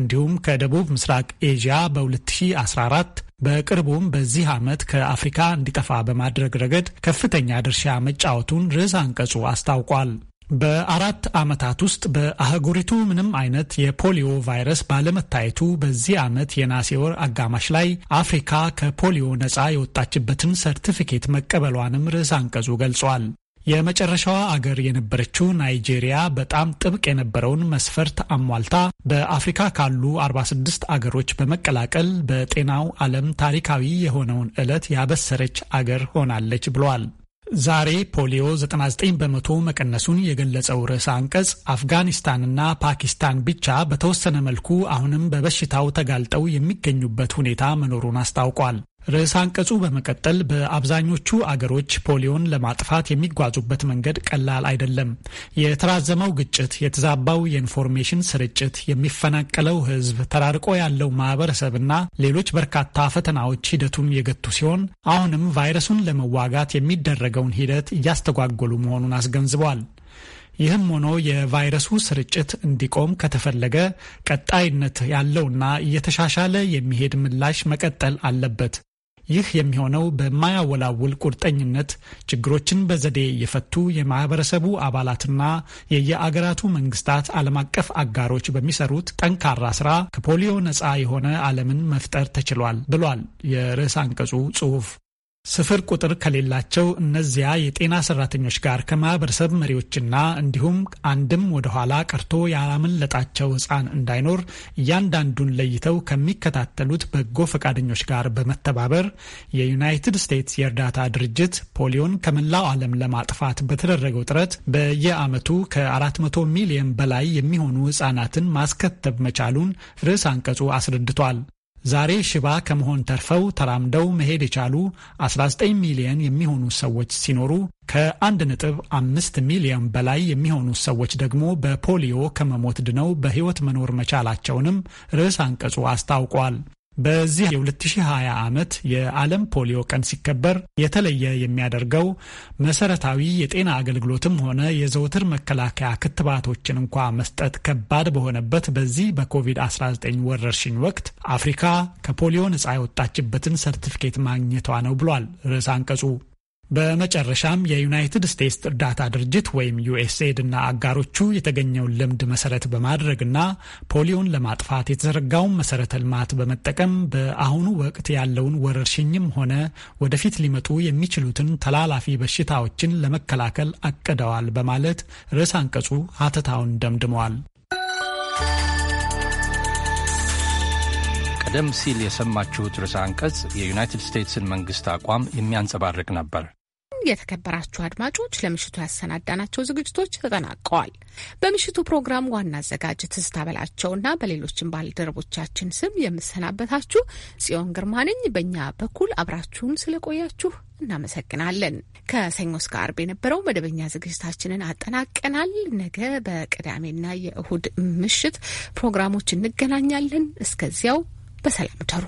እንዲሁም ከደቡብ ምስራቅ ኤዥያ በ2014 በቅርቡም በዚህ ዓመት ከአፍሪካ እንዲጠፋ በማድረግ ረገድ ከፍተኛ ድርሻ መጫወቱን ርዕስ አንቀጹ አስታውቋል። በአራት ዓመታት ውስጥ በአህጉሪቱ ምንም አይነት የፖሊዮ ቫይረስ ባለመታየቱ በዚህ ዓመት የነሐሴ ወር አጋማሽ ላይ አፍሪካ ከፖሊዮ ነጻ የወጣችበትን ሰርቲፊኬት መቀበሏንም ርዕስ አንቀጹ ገልጿል። የመጨረሻዋ አገር የነበረችው ናይጄሪያ በጣም ጥብቅ የነበረውን መስፈርት አሟልታ በአፍሪካ ካሉ 46 አገሮች በመቀላቀል በጤናው ዓለም ታሪካዊ የሆነውን ዕለት ያበሰረች አገር ሆናለች ብሏል። ዛሬ ፖሊዮ 99 በመቶ መቀነሱን የገለጸው ርዕሰ አንቀጽ አፍጋኒስታንና ፓኪስታን ብቻ በተወሰነ መልኩ አሁንም በበሽታው ተጋልጠው የሚገኙበት ሁኔታ መኖሩን አስታውቋል። ርዕስ አንቀጹ በመቀጠል በአብዛኞቹ አገሮች ፖሊዮን ለማጥፋት የሚጓዙበት መንገድ ቀላል አይደለም። የተራዘመው ግጭት፣ የተዛባው የኢንፎርሜሽን ስርጭት፣ የሚፈናቀለው ሕዝብ፣ ተራርቆ ያለው ማህበረሰብ እና ሌሎች በርካታ ፈተናዎች ሂደቱን የገቱ ሲሆን አሁንም ቫይረሱን ለመዋጋት የሚደረገውን ሂደት እያስተጓጎሉ መሆኑን አስገንዝበዋል። ይህም ሆኖ የቫይረሱ ስርጭት እንዲቆም ከተፈለገ ቀጣይነት ያለውና እየተሻሻለ የሚሄድ ምላሽ መቀጠል አለበት። ይህ የሚሆነው በማያወላውል ቁርጠኝነት ችግሮችን በዘዴ የፈቱ የማህበረሰቡ አባላትና የየአገራቱ መንግስታት ዓለም አቀፍ አጋሮች በሚሰሩት ጠንካራ ስራ ከፖሊዮ ነፃ የሆነ ዓለምን መፍጠር ተችሏል ብሏል የርዕስ አንቀጹ ጽሑፍ። ስፍር ቁጥር ከሌላቸው እነዚያ የጤና ሰራተኞች ጋር ከማህበረሰብ መሪዎችና እንዲሁም አንድም ወደኋላ ቀርቶ ያላመለጣቸው ህፃን እንዳይኖር እያንዳንዱን ለይተው ከሚከታተሉት በጎ ፈቃደኞች ጋር በመተባበር የዩናይትድ ስቴትስ የእርዳታ ድርጅት ፖሊዮን ከመላው ዓለም ለማጥፋት በተደረገው ጥረት በየአመቱ ከ400 ሚሊዮን በላይ የሚሆኑ ህፃናትን ማስከተብ መቻሉን ርዕስ አንቀጹ አስረድቷል። ዛሬ ሽባ ከመሆን ተርፈው ተራምደው መሄድ የቻሉ 19 ሚሊየን የሚሆኑ ሰዎች ሲኖሩ ከ1.5 ሚሊዮን በላይ የሚሆኑ ሰዎች ደግሞ በፖሊዮ ከመሞት ድነው በሕይወት መኖር መቻላቸውንም ርዕስ አንቀጹ አስታውቋል። በዚህ የ2020 ዓመት የዓለም ፖሊዮ ቀን ሲከበር የተለየ የሚያደርገው መሰረታዊ የጤና አገልግሎትም ሆነ የዘውትር መከላከያ ክትባቶችን እንኳ መስጠት ከባድ በሆነበት በዚህ በኮቪድ-19 ወረርሽኝ ወቅት አፍሪካ ከፖሊዮ ነፃ የወጣችበትን ሰርቲፊኬት ማግኘቷ ነው ብሏል ርዕስ አንቀጹ። በመጨረሻም የዩናይትድ ስቴትስ እርዳታ ድርጅት ወይም ዩኤስኤድ እና አጋሮቹ የተገኘውን ልምድ መሰረት በማድረግና ፖሊዮን ለማጥፋት የተዘረጋውን መሰረተ ልማት በመጠቀም በአሁኑ ወቅት ያለውን ወረርሽኝም ሆነ ወደፊት ሊመጡ የሚችሉትን ተላላፊ በሽታዎችን ለመከላከል አቅደዋል በማለት ርዕስ አንቀጹ ሀተታውን ደምድመዋል። ቀደም ሲል የሰማችሁት ርዕሰ አንቀጽ የዩናይትድ ስቴትስን መንግስት አቋም የሚያንጸባርቅ ነበር። የተከበራችሁ አድማጮች ለምሽቱ ያሰናዳናቸው ዝግጅቶች ተጠናቀዋል። በምሽቱ ፕሮግራም ዋና አዘጋጅ ትዝታ በላቸውና በሌሎችም ባልደረቦቻችን ስም የምሰናበታችሁ ጽዮን ግርማ ነኝ። በእኛ በኩል አብራችሁን ስለቆያችሁ እናመሰግናለን። ከሰኞ እስከ አርብ የነበረው መደበኛ ዝግጅታችንን አጠናቀናል። ነገ በቅዳሜና የእሁድ ምሽት ፕሮግራሞች እንገናኛለን። እስከዚያው በሰላም ደሩ።